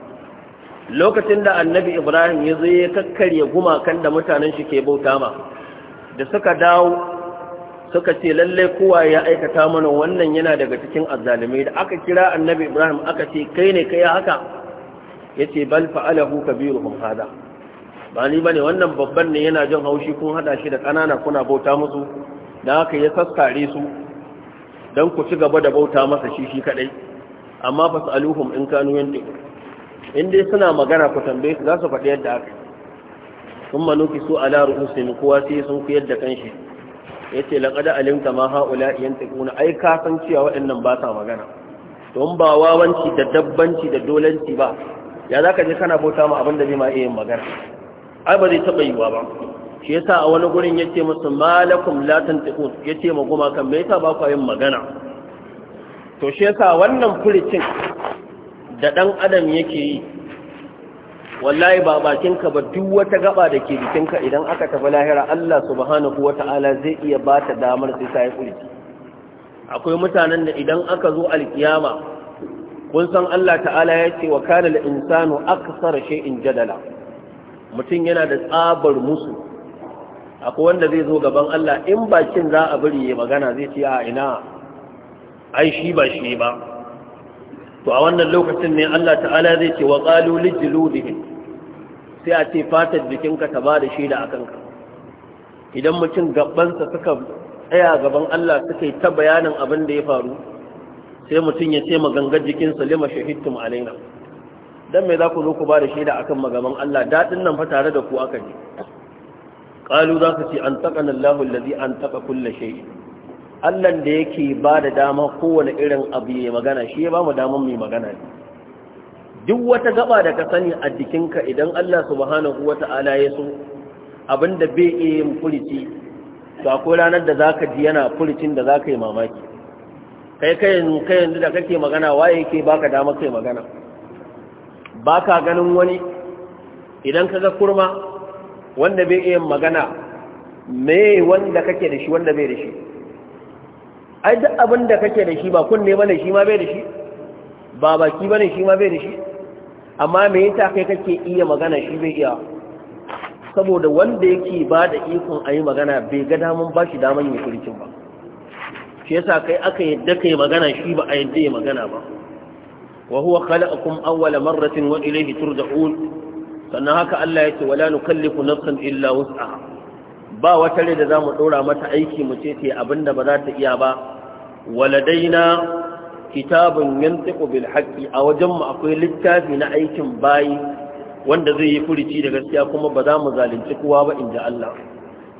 S1: lokacin da annabi ibrahim ya zo ya kakkarya gumakan da mutanen shi ke bauta ma da suka dawo suka ce lalle kowa ya aikata mana wannan yana daga cikin azzalumai da aka kira annabi ibrahim aka ce kai ne kai haka yace ce bal fa'alahu kabiruhum hada ba ni bane wannan babban ne yana jin haushi kun hada shi da kanana kuna bauta musu da haka ya saskare su don ku ci gaba da bauta masa shi shi kaɗai amma fa saluhum in kanu yanti in dai suna magana ku tambaye su zasu su faɗi yadda aka sun manuki su ala ru'usin kowa sai sun ku yadda kanshi yace laqad alimta ma haula yantiquna ai ka san cewa waɗannan ba sa magana don ba wawanci da dabbanci da dolanci ba ya zaka je kana bauta ma abin da zai ma iya magana ai ba zai taba yiwa ba shi yasa a wani gurin yace musu malakum la tantiqun yace ma goma kan me yasa ba ku yin magana to shi yasa wannan furicin da dan adam yake yi wallahi ba bakinka ba duk wata gaba da ke ka idan aka tafi lahira Allah subhanahu wata'ala zai iya ba ta damar sai ta yi furici akwai mutanen da idan aka zo alkiyama kun san Allah ta'ala ya ce wa kana al-insanu akthara shay'in jadala mutum yana da tsabar musu akwai wanda zai zo gaban Allah in bakin za a bari ya magana zai ce a ina ai shi ba shi ba to a wannan lokacin ne Allah ta'ala zai ce wa qalu lijludihim sai a ce fatar jikinka ta ba da shi da ka idan mutum sa suka tsaya gaban Allah suka yi ta bayanin abin da ya faru sai mutum ya ce jikin jikinsa lima shahidtum alaina dan me za ku zo ku ba da shaida akan magaban Allah dadin nan fa tare da ku aka ji ƙalu za ka ce an taƙa lallahu lazi an taƙa kulle shai. allan da yake ba da dama kowane irin abu ya magana shi ya ba mu damar mai magana ne duk wata gaba da ka sani a jikinka idan allah subhanahu wa ta'ala ya so abinda bai iya yin fulici to akwai ranar da za ka ji yana fulicin da za ka yi mamaki kai kayan yanzu da kake magana waye yake baka damar kai magana Ba ka ganin wani idan ka ga kurma wanda bai iya magana me wanda kake da shi wanda bai da shi ai duk abin da kake da shi ba kunne bane shi ma bai da shi ba baki bane shi ma bai da shi amma me yasa kai kake iya magana shi bai iya saboda wanda yake ba da ikon ayi magana bai ga daman ba shi daman yin kurcin ba shi yasa kai aka yadda kai magana shi ba a yadda ya magana ba wa huwa khalaqakum awwala marratin wa ilayhi turja'un sannan haka Allah ya ce wala nukallifu nafsan illa wusa ba wata rai da mu ɗora mata aiki mu ce ta abinda ba za ta iya ba waladaina kitabun yantiqu bil haqqi a wajen mu akwai littafi na aikin bayi wanda zai yi furici da gaskiya kuma ba za mu zalunci kowa ba inda Allah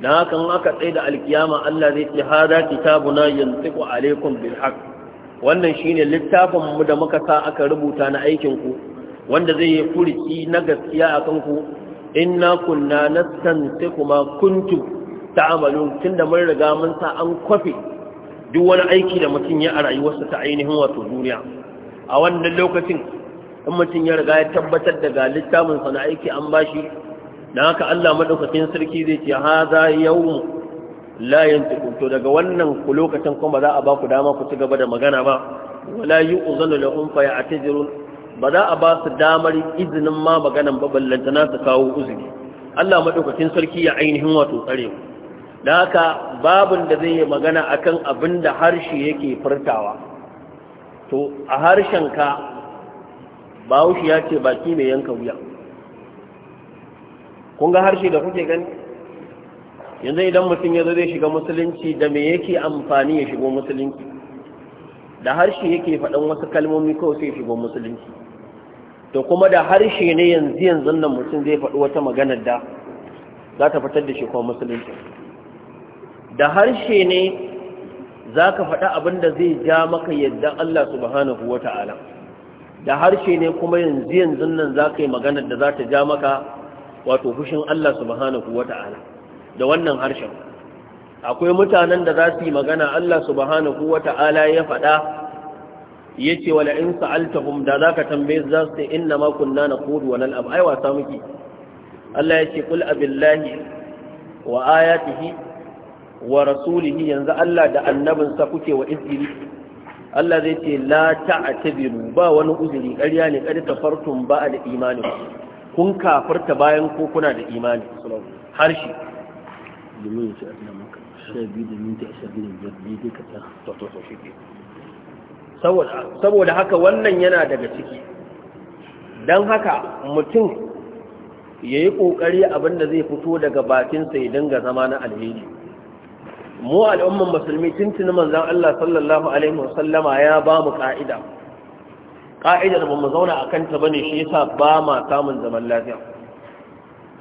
S1: dan haka in aka tsaye da alkiyama Allah zai ce hada kitabuna yantiqu alaikum bil haqq wannan shine littafin mu da muka sa aka rubuta na aikin ku wanda zai yi furici na gaskiya a kanku inna kunna san sai kuma kuntu ta'amalu tunda mun riga mun sa an kwafe duk wani aiki da mutum ya a rayuwarsa ta ainihin wato duniya a wannan lokacin in mutum ya riga ya tabbatar da ga littafin sa na aiki an bashi Na haka Allah madaukakin sarki zai ce hadha yawm la yantiqu to daga wannan ku lokacin kuma za a ba ku dama ku ci gaba da magana ba wala yu'zanu lahum fa ya'tazirun ba za a ba su damar izinin ma maganan baballanta na su kawo uzuri Allah maɗaukacin sarki ya ainihin wato tsare da haka babin da zai yi magana akan abin da harshe yake furtawa to a harshen ka wushi ya ce baki mai yanka wuya kun ga harshe da kuke gani yanzu idan mutum ya zo zai shiga musulunci da me yake amfani ya shigo musulunci da harshe yake faɗin wasu kalmomi kawai sai shigo musulunci to kuma da harshe ne yanzu yanzu nan mutum zai faɗi wata maganar da za ta fitar da shi kuma musulunci da harshe ne za ka faɗi abin da zai ja maka yadda Allah subhanahu wa ta'ala da harshe ne kuma yanzu yanzu nan za ka yi maganar da za ta ja maka wato fushin Allah subhanahu wa ta'ala da wannan harshen akwai mutanen da za su yi magana Allah subhanahu wa ta'ala ya faɗa Ya ce wala in sa'altahum da zaka tambaye za su inna ma kunna naqulu wal ab ai wasa muke Allah ya ce qul abillahi wa ayatihi wa rasulihi yanzu Allah da annabin sa kuke wa izini Allah zai ce la ta'tabiru ba wani uzuri ƙarya ne kada tafartum ba da imani kun kafarta bayan ko kuna da imani harshe domin ya ce a maka sha biyu da minti ashirin da biyar ne dai ka ta to to shi ke saboda haka wannan yana daga ciki don haka mutum ya yi ƙoƙari abinda zai fito daga bakinsa ya dinga zama na alheri mu al'umman musulmi tuntuni manzan Allah sallallahu Alaihi wasallama ya ba mu ƙa'ida ƙa'idar ba mu zauna a kanta ba ne shi yasa ba ma samun zaman lafiya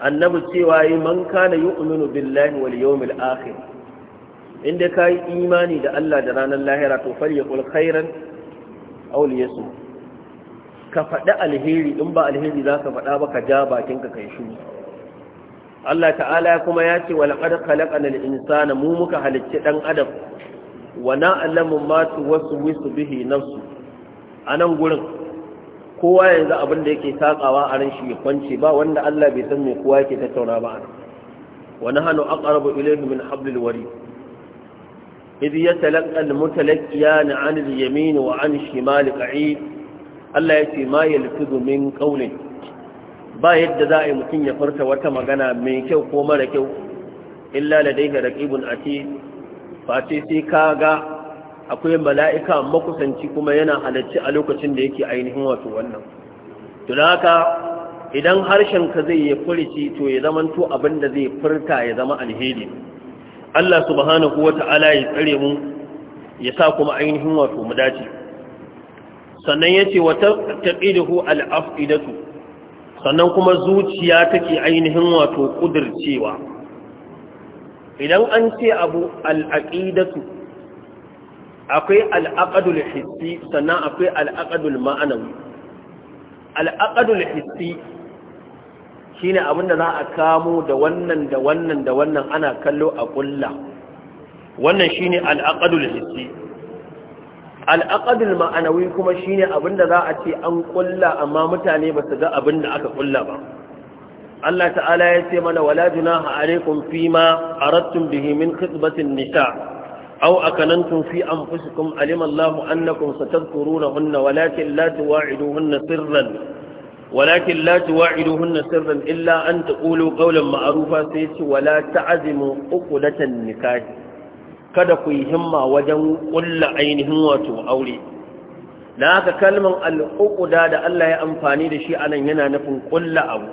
S1: annabi cewa yi man kana yu'minu billahi wal yawmil akhir inda ka yi imani da Allah da ranar lahira to fal yaqul khairan aw ka faɗi alheri in ba alheri za ka faɗa ba ka ja bakinka kai shi Allah ta'ala kuma ya ce walaqad khalaqanal insana mu muka halicci dan adam wa na'lamu ma tuwaswisu bihi nafsu anan gurin kowa yanzu abin da yake sakawa a ran shi ya kwance ba wanda Allah bai san me kowa yake tattauna ba wa nahnu aqrabu ilayhi min hablil warid إذ يتلقى المتلقيان عن wa وعن الشمال قعيد الله يتي ما يلفظ من قوله ba yadda za a yi mutum ya furta wata magana mai kyau ko mara kyau illa da dai ga raƙibun ati face sai ka ga akwai mala'ika makusanci kuma yana halarci a lokacin da yake ainihin wato wannan tun haka idan ka zai yi furici to ya zamanto abin da zai furta ya zama alheri Allah subhanahu wata'ala ya tsare mu ya sa kuma ainihin wato mu dace sannan yace wa taqiduhu al-afidatu sannan kuma zuciya take ainihin wato kudircewa idan an ce abu al-aqidatu akwai al-aqdul hissi sannan akwai al-aqdul ma'anawi al hissi shine abin da za a kamo da wannan da wannan da wannan ana kallo a kulla wannan shine al'aqdul hissi al'aqdul ma'anawi kuma shine abin da za a ce an kulla amma mutane ba su ga abin da aka kulla ba Allah ta'ala ya ce mana wala junaha alaikum fima aradtum bihi min khitbatin nisa' أو أكننتم في أنفسكم علم الله أنكم walakin ولكن لا تواعدوهن سرا ولكن لا تواعدهن سرا illa an تقولوا قولا معروفا sai ولا wala ta'zimu النكاح kada ku yi himma wajen ƙulla ainihin wato aure na haka kalman al'uƙuda da Allah ya amfani da shi anan yana nufin ƙulla abu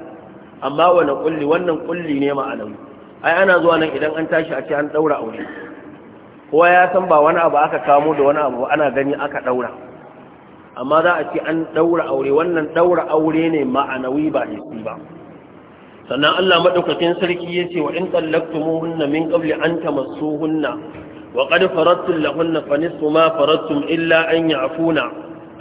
S1: amma wani ƙulli wannan ƙulli ne ma'anan ai ana zuwa nan idan an tashi a ce an ɗaura aure kowa ya san ba wani abu aka kamo da wani abu ana gani aka ɗaura amma za a ce an ɗaura aure wannan ɗaura aure ne ma'anawi ba hissi ba sannan Allah madaukakin sarki yace wa in tallaqtumuhunna min qabli an tamassuhunna wa qad faradtum lahunna fa ma faradtum illa an ya'funa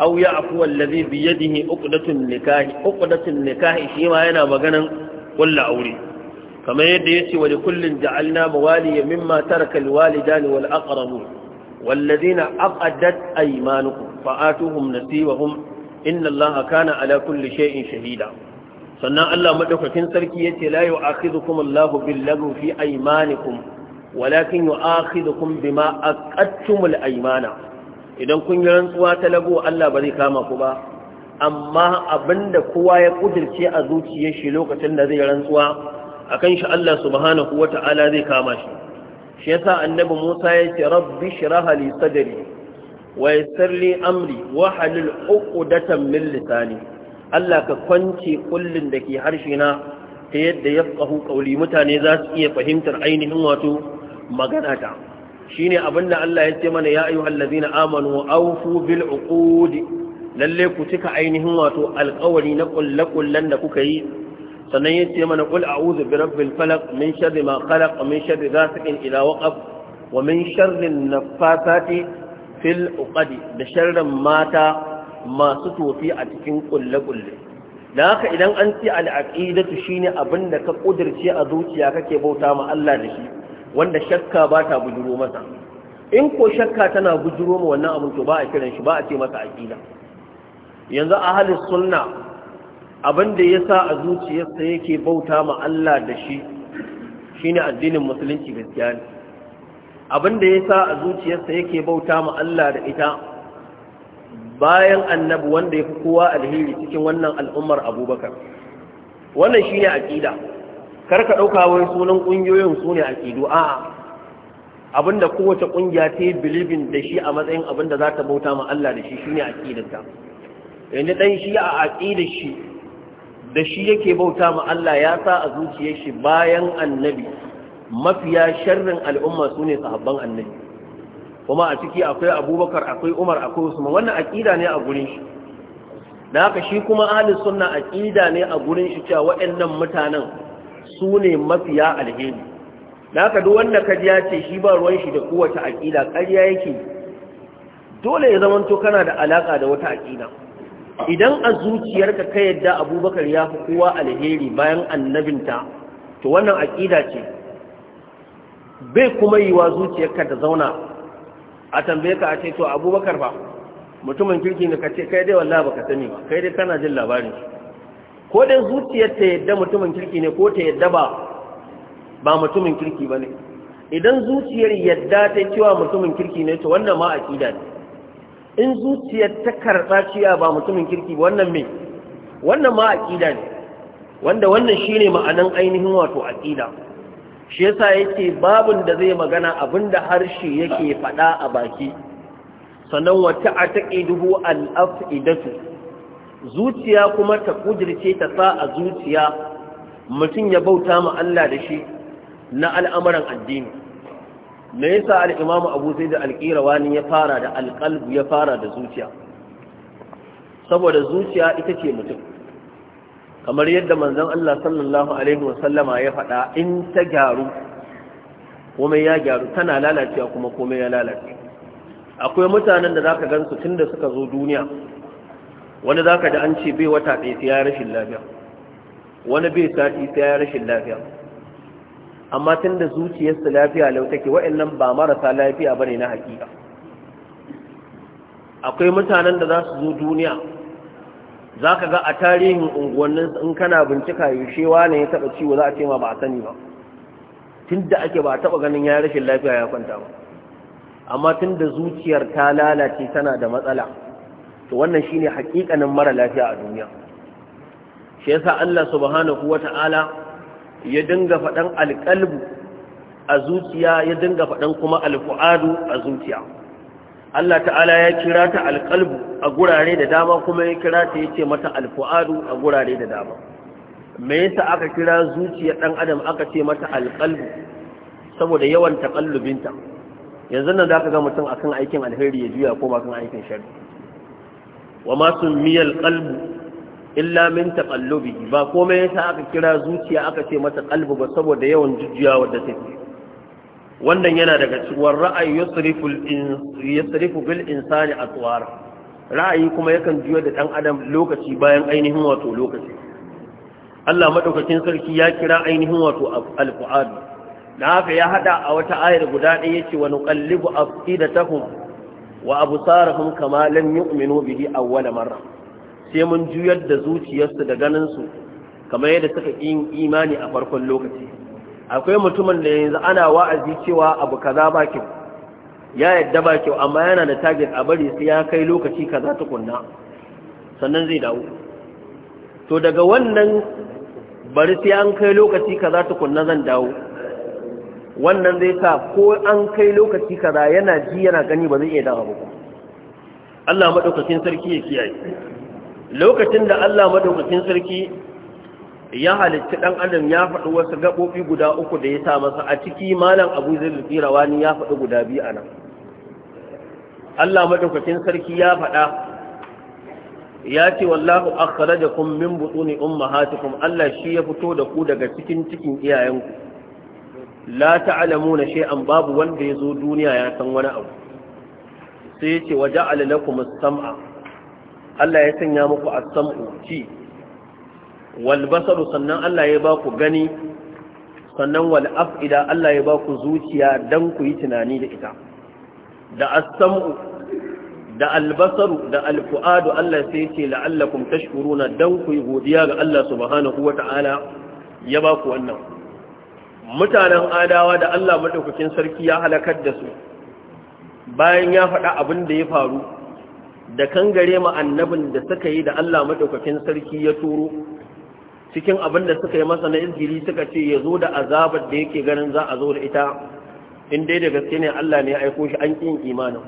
S1: aw ya'fu alladhi bi yadihi uqdatun nikahi uqdatun nikahi shi ma yana maganan kullu aure kamar yadda yace wa likullin ja'alna mawaliya mimma taraka alwalidani wal aqrabun wallazina aqaddat aymanukum fa'atuhum nasibahum inna allaha kana ala kulli shay'in shahida sannan Allah madaukakin sarki yace la yu'akhidhukum Allahu bil lagwi fi aymanikum walakin yu'akhidhukum bima aqadtumul aymana idan kun yi rantsuwa ta lagu Allah ba zai kama ku ba amma abinda kowa ya kudirce a zuciyar shi lokacin da zai rantsuwa akan shi Allah subhanahu wata'ala zai kama shi shi yasa annabi Musa ya ce rabbi shrah sadari. wa yassir li amri wa halil uqdatan min lisani Allah ka kwance da ke harshe na ta yadda yafqahu qawli mutane za su iya fahimtar ainihin wato magana ta shine abinda Allah ya ce mana ya ayyuhallazina amanu aufu bil uqud lalle ku cika ainihin wato alƙawari na kulle-kullen da kuka yi sannan yace mana qul a'udhu bi rabbil falaq min sharri ma khalaq min sharri ghasiqin idha waqab wa min sharri an fil 'uqad da sharrin mata masu tofi a cikin ƙulle kulle da haka idan an ce al'aqidatu shine abin da ka kudirce a zuciya kake bauta ma Allah da shi wanda shakka ba ta bujuro masa in ko shakka tana bujuro ma wannan abin to ba a kiran shi ba a ce masa aqida yanzu ahlus sunna abin da ya sa a zuciyarsa yake bauta ma Allah da shi shine addinin musulunci gaskiya ne abin da ya sa a zuciyarsa yake bauta ma Allah da ita bayan annabi wanda ya fi kowa alheri cikin wannan al'ummar abubakar wannan shine aqida karka ɗauka wani sunan ƙungiyoyin su ne aqidu a'a abinda kowace ƙungiya ta yi bilibin da shi a matsayin abinda za ta bauta ma Allah da shi shine aqidar yanzu dan shi a aqidar shi da shi yake bauta ma Allah ya sa a zuciyar shi bayan annabi mafiya sharrin al'umma su ne sahabban annabi kuma a ciki akwai abubakar akwai umar akwai usman wannan aƙida ne a gurin shi da haka shi kuma ahalin sunna aƙida ne a gurin shi cewa waɗannan mutanen su ne mafiya alheri da haka duk wanda ka ji ce shi ba ruwan shi da kowace aƙida ƙarya yake dole ya zamanto kana da alaƙa da wata aƙida idan a zuciyarka ka yadda abubakar ya fi kowa alheri bayan annabinta to wannan aƙida ce bai kuma yi wa zuciyarka ta zauna a tambaye ka a ce to abubakar ba mutumin kirki ne ka ce kai dai wallahi baka sani ba kai dai kana jin labarin ko dai zuciyar ta yadda mutumin kirki ne ko ta yadda ba ba mutumin kirki bane idan zuciyar yadda ta cewa mutumin kirki ne to wannan ma aƙida ne in zuciyar ta karɓa ciya ba mutumin kirki wannan me wannan ma aƙida ne wanda wannan shi ne ma'anan ainihin wato aƙida shi yasa yake babin da zai magana abinda harshe yake faɗa a baki sannan wata a taƙiduhu al'af'idatu zuciya kuma ta ƙudirce ta sa a zuciya mutum ya bauta ma Allah da shi na al'amuran addini me yasa al-imamu abu sai da ne ya fara da alƙalbu ya fara da zuciya saboda zuciya ita ce mutum kamar yadda manzon Allah sallallahu alaihi wasallama ya faɗa in ta gyaru komai ya gyaru tana lalacewa kuma komai ya lalace akwai mutanen da zaka gansu tunda suka zo duniya wani zaka da an ce bai wata ɗaya sai ya rashin lafiya wani bai sati sai ya rashin lafiya amma tun da zuciyarsu lafiya lau take wa'annan ba marasa lafiya ba ne na hakika akwai mutanen da za su zo duniya za ka ga a tarihin unguwannin in kana bincika yaushewa ne ya taɓa ciwo za a ce ma ba a sani ba tun da ake ba a taɓa ganin ya rashin lafiya ya kwanta ba amma tun da zuciyar ta lalace tana da matsala to wannan shine hakikanin mara lafiya a duniya shi yasa Allah subhanahu wata'ala ya dinga faɗan alƙalbu a zuciya ya dinga faɗan kuma alfu'adu a zuciya Allah ta'ala ya kira ta alƙalbu a gurare da dama kuma ya kira ta ya ce mata alfu'adu a gurare da dama me yasa aka kira zuciya ɗan adam aka ce mata alƙalbu saboda yawan taƙallubinta yanzu nan za ka ga mutum akan aikin alheri ya juya ko ba kan aikin shari wa ma sun miyal ƙalbu illa min taqallubi ba komai yasa aka kira zuciya aka ce mata qalbu ba saboda yawan jujjuyawa da take wannan yana daga cikin ra'ayi yusrifu yusrifu bil insani atwar ra'ayi kuma yakan juya da dan adam lokaci bayan ainihin wato lokaci Allah madaukakin sarki ya kira ainihin wato al da haka ya hada a wata ayar guda ɗaya yace wa nuqallibu afidatahum wa absarahum kama lam yu'minu bihi awwala marra sai mun juyar da zuciyarsu da ganinsu kamar yadda suka yin imani a farkon lokaci akwai mutumin da yanzu ana wa'azi cewa abu kaza ba kyau ya yadda ba kyau amma yana da target a bari sai ya kai lokaci kaza tukunna sannan zai dawo to daga wannan bari sai an kai lokaci kaza tukunna zan dawo wannan zai sa ko an kai lokaci kaza yana ji yana gani ba zai iya dawo ba Allah maɗaukakin sarki ya kiyaye lokacin da Allah madaukakin sarki ya halitta ɗan adam ya faɗi wasu gabobi guda uku da ya sa masa a ciki malam abu Zaid al-Firawani ya faɗi guda biyu a Allah madaukakin sarki ya faɗa ya ce wallahu akhrajakum min butuni ummahatikum Allah shi ya fito da ku daga cikin cikin iyayenku la ta'lamuna shay'an babu wanda yazo duniya ya san wani abu sai ya ce waja'ala lakum as-sam'a Allah ya sanya muku a samu ci walbasaru sannan Allah ya ba ku gani sannan walaf'ida Allah ya ba ku zuciya don ku yi tunani da ita da as da albasaru, da alfu'adu Allah sai ce la'allakum tashkuruna dan ku yi godiya ga Allah subhanahu wata'ala ya ba ku wannan mutanen adawa da Allah madaukakin sarki ya halakar da su bayan ya faɗa abin da ya faru da gare ma annabin da suka yi da Allah madaukakin sarki ya turo cikin abin da suka yi masa na izgiri suka ce ya zo da azabar da yake ganin za a zo da ita in dai da gaske ne Allah ne ya aiko shi an kin imanin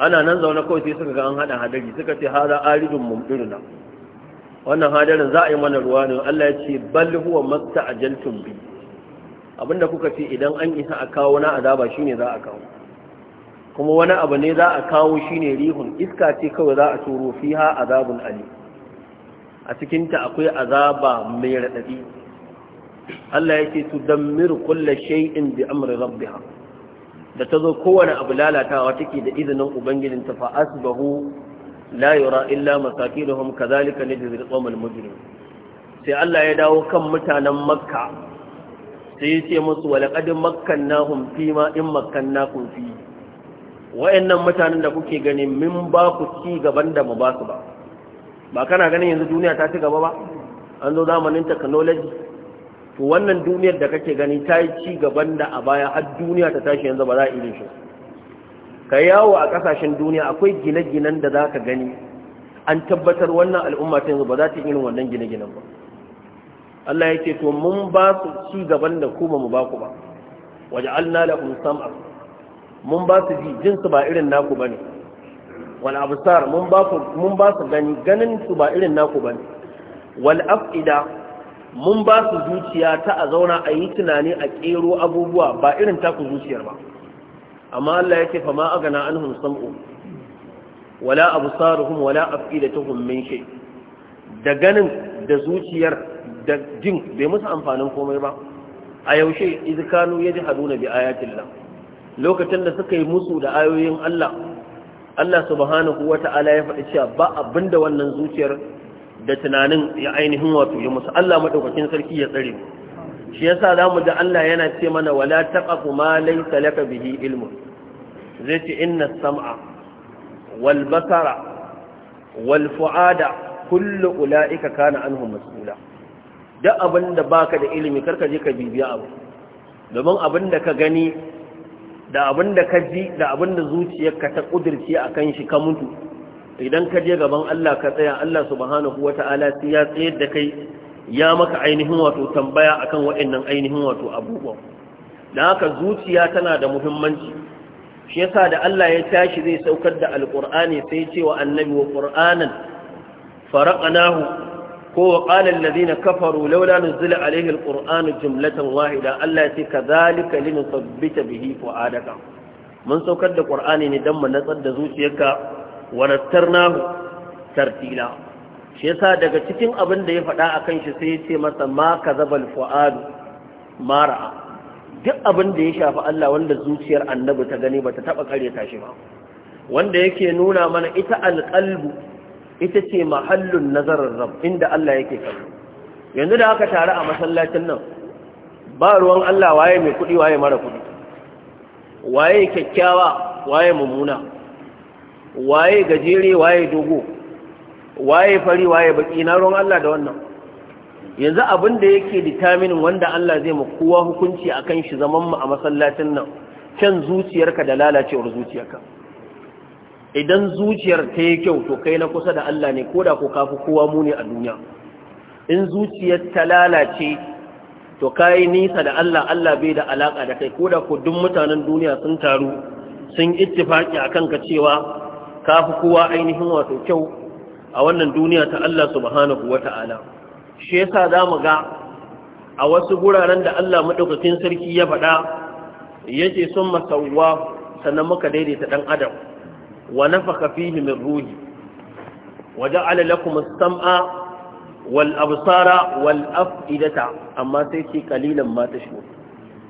S1: ana nan zaune kawai sai suka ga an hada hadari suka ce hada aridun mumdirna wannan hadarin za a yi mana ruwa ne Allah ya ce bal huwa ajaltum bi abinda kuka ce idan an isa a kawo na azaba shine za a kawo kuma wani abu ne za a kawo shine rihun iska ce kawai za a turo fiha azabun ali a cikinta akwai azaba mai raɗaɗi Allah ya ce tudammir kulla shai'in bi amri rabbiha da ta zo kowane abu lalatawa take da izinin ubangijin ta fa asbahu la yura illa hamka zalika najzi al-qawmal mujrim sai Allah ya dawo kan mutanen makka sai ya ce musu walaqad makkannahum ma in makkannakum fihi wa'annan mutanen da kuke gani min ba ku ci gaban da mu ba su ba ba kana ganin yanzu duniya ta ci gaba ba an zo zamanin technology to wannan duniyar da kake gani ta yi ci gaban da a baya har duniya ta tashi yanzu ba za a irin shi ka yawo a kasashen duniya akwai gine-ginen da za ka gani an tabbatar wannan al'umma ta yanzu ba za ta irin wannan gine-ginen ba Allah ya ce to mun ba su ci gaban da kuma mu ba ku ba waje alna lahum sam'a mun ba su ji jinsu ba irin naku bane wal absar mun ba mun ba su gani ganin su ba irin naku bane wal afida mun ba su zuciya ta a zauna a yi tunani a kero abubuwa ba irin taku zuciyar ba amma Allah yake fa ma agana anhum sam'u wala absaruhum wala afidatuhum min shay da ganin da zuciyar da jin bai musu amfanin komai ba a yaushe idkanu yajhaduna bi ayatillah lokacin da suka yi musu da ayoyin Allah Allah subhanahu wata'ala ya faɗi cewa ba abinda wannan zuciyar da tunanin ya ainihin wato ya musu Allah madaukakin sarki ya tsare shi yasa zamu da Allah yana ce mana wala taqafu ma laysa laka bihi ilmu zai ce inna sam'a wal basara wal fuada kullu ulaika kana anhum mas'ula duk abinda baka da ilimi karka je ka bibiya abu domin abinda ka gani da abin da ka ji da abin da zuciyarka ta kudirce a kan shi ka mutu idan ka je gaban Allah ka tsaya Allah subhanahu ta'ala sai ya tsayar da kai ya maka ainihin wato tambaya akan waɗannan ainihin wato abubuwa da haka zuciya tana da muhimmanci shi yasa da Allah ya tashi zai saukar da alqur'ani sai ya ce wa annabi wa qur'anan faraqnahu ko wa qala kafaru laula nuzila alayhi alqur'anu jumlatan wahida Allah ya ce kadhalika linusabbita bihi fuadaka mun saukar da qur'ani ne dan mu natsar da zuciyarka wa nattarnahu tartila shi yasa daga cikin abin da ya faɗa akan shi sai ya ce masa ma kazabal fuad mara duk abin da ya shafi Allah wanda zuciyar annabi ta gani bata taba ta shi ba wanda yake nuna mana ita alqalbu ita ce mahallun nazarin rab inda Allah yake kallo yanzu da aka tare a masallacin nan ba ruwan Allah waye mai kuɗi waye mara kuɗi waye kyakkyawa waye mummuna waye gajere waye dogo waye fari waye baki na ruwan Allah da wannan yanzu abin da yake determine wanda Allah zai mu kowa hukunci akan shi zaman mu a masallacin nan kan zuciyarka da lalacewar zuciyarka idan zuciyar ta yi kyau to kai na kusa da Allah ne koda ko kafi kowa muni a duniya in zuciyar ta lalace to kai nisa da Allah Allah bai da alaka da kai koda ko duk mutanen duniya sun taru sun ittifaki akan ka cewa kafi kowa ainihin wato kyau a wannan duniya ta Allah subhanahu wata'ala shi yasa zamu ga a wasu guraren da Allah madaukakin sarki ya faɗa yace sun masawwa sannan muka daidaita dan adam wa nafaka min ruhi wa ja'ala lakum as-sam'a wal absara amma sai ce kalilan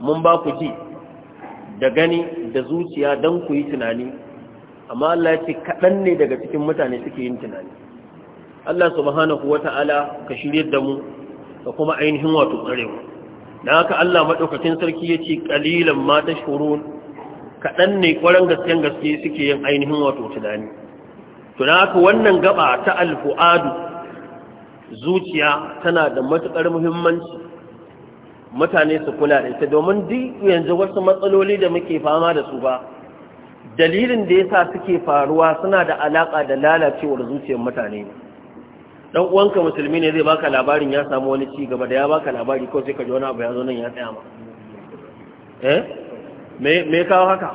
S1: mun ba ku ji da gani da zuciya dan ku yi tunani amma Allah ya ce ne daga cikin mutane suke yin tunani Allah subhanahu wata'ala ka shirya da mu ka kuma ainihin wato tsare mu haka Allah maɗaukacin sarki yace kalilan ma tashkurun kaɗan ne ƙwarar gaskiyan gaske suke yin ainihin wato tunani tuna haka wannan gaba ta alfu'adu zuciya tana da matuƙar muhimmanci mutane su kula da ita domin duk yanzu wasu matsaloli da muke fama da su ba dalilin da ya sa suke faruwa suna da alaƙa da lalacewar zuciyar mutane Ɗan uwanka musulmi ne zai baka labarin ya samu wani ci gaba da ya baka labari ko sai ka ji wani abu ya zo nan ya tsaya ma eh me kawo haka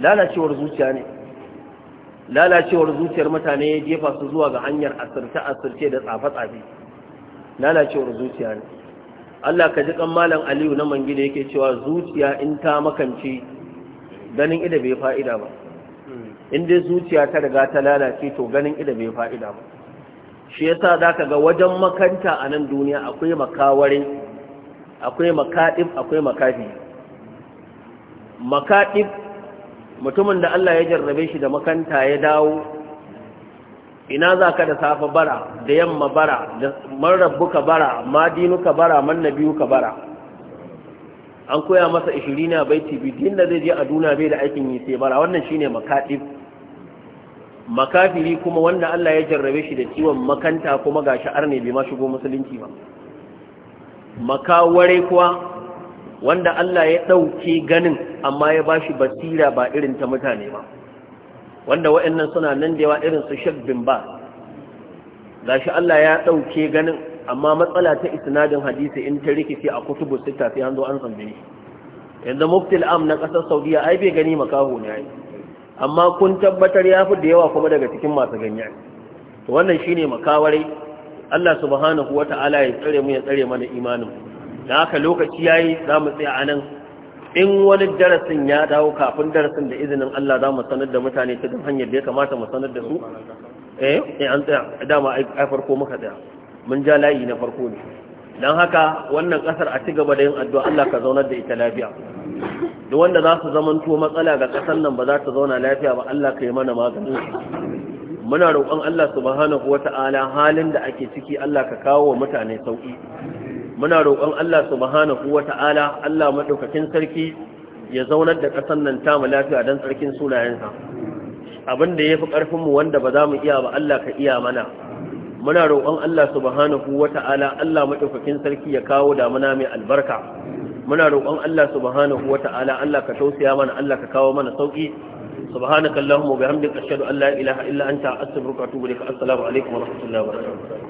S1: lalacewar zuciya ne lalacewar zuciyar mutane ya jefa su zuwa ga hanyar asirce-asirce da tsafe-tsafe lalacewar zuciya ne Allah ka ji kan malam Aliyu na mangida yake cewa zuciya in ta makance ganin ida bai fa'ida ba in dai zuciya ta riga ta lalace to ganin ida bai fa'ida ba shi ya yasa zaka ga wajen makanta a nan duniya akwai makawarin, akwai makaɗin akwai makafi makaɗib mutumin da Allah ya jarrabe shi da makanta ya dawo ina za ka da safa bara da yamma bara da marabbuka bara madinuka bara mannabiyuka bara an koya masa ishirina a baiti din da zai je a duna bai da aikin yi sai bara wannan shine makaɗib makafiri kuma wanda Allah ya jarrabe shi da ciwon makanta kuma ga gashi arne bai ma shigo musulunci ba makaware kuwa wanda Allah ya ɗauke ganin amma ya ba shi basira ba irin ta mutane ba wanda wa'annan suna nan da yawa irin su shabbin ba ga shi Allah ya ɗauke ganin amma matsala ta isnadin hadisi in ta rikici a kutubu sita sai an zo an yanzu muftil am na ƙasar saudiya ai bai gani makaho ne ai amma kun tabbatar ya fi da yawa kuma daga cikin masu ganya to wannan shine makawarai Allah subhanahu wata'ala ya tsare mu ya tsare mana imanin da haka lokaci ya yi za mu tsaya a nan in wani darasin ya dawo kafin darasin da izinin Allah za mu sanar da mutane ta hanyar da ya kamata mu sanar da su eh, eh an tsaya dama ai farko muka tsaya mun ja layi na farko ne don haka wannan kasar a ci gaba da yin addu'a Allah ka zaunar da ita lafiya duk wanda za su zamanto matsala ga kasar nan ba za ta zauna lafiya ba Allah ka yi mana maganin muna roƙon Allah subhanahu wata'ala halin da ake ciki Allah ka kawo wa mutane sauki muna roƙon Allah subhanahu wata'ala Allah madaukakin sarki ya zaunar da ƙasar nan ta mu lafiya don sarkin sunayensa abin da yafi karfin mu wanda ba za mu iya ba Allah ka iya mana muna roƙon Allah subhanahu wata'ala Allah madaukakin sarki ya kawo damuna mai albarka muna roƙon Allah subhanahu wata'ala Allah ka tausaya mana Allah ka kawo mana sauki subhanakallahumma wa bihamdika ashhadu an la ilaha illa anta astaghfiruka wa atubu ilaik assalamu alaikum wa rahmatullahi wa barakatuh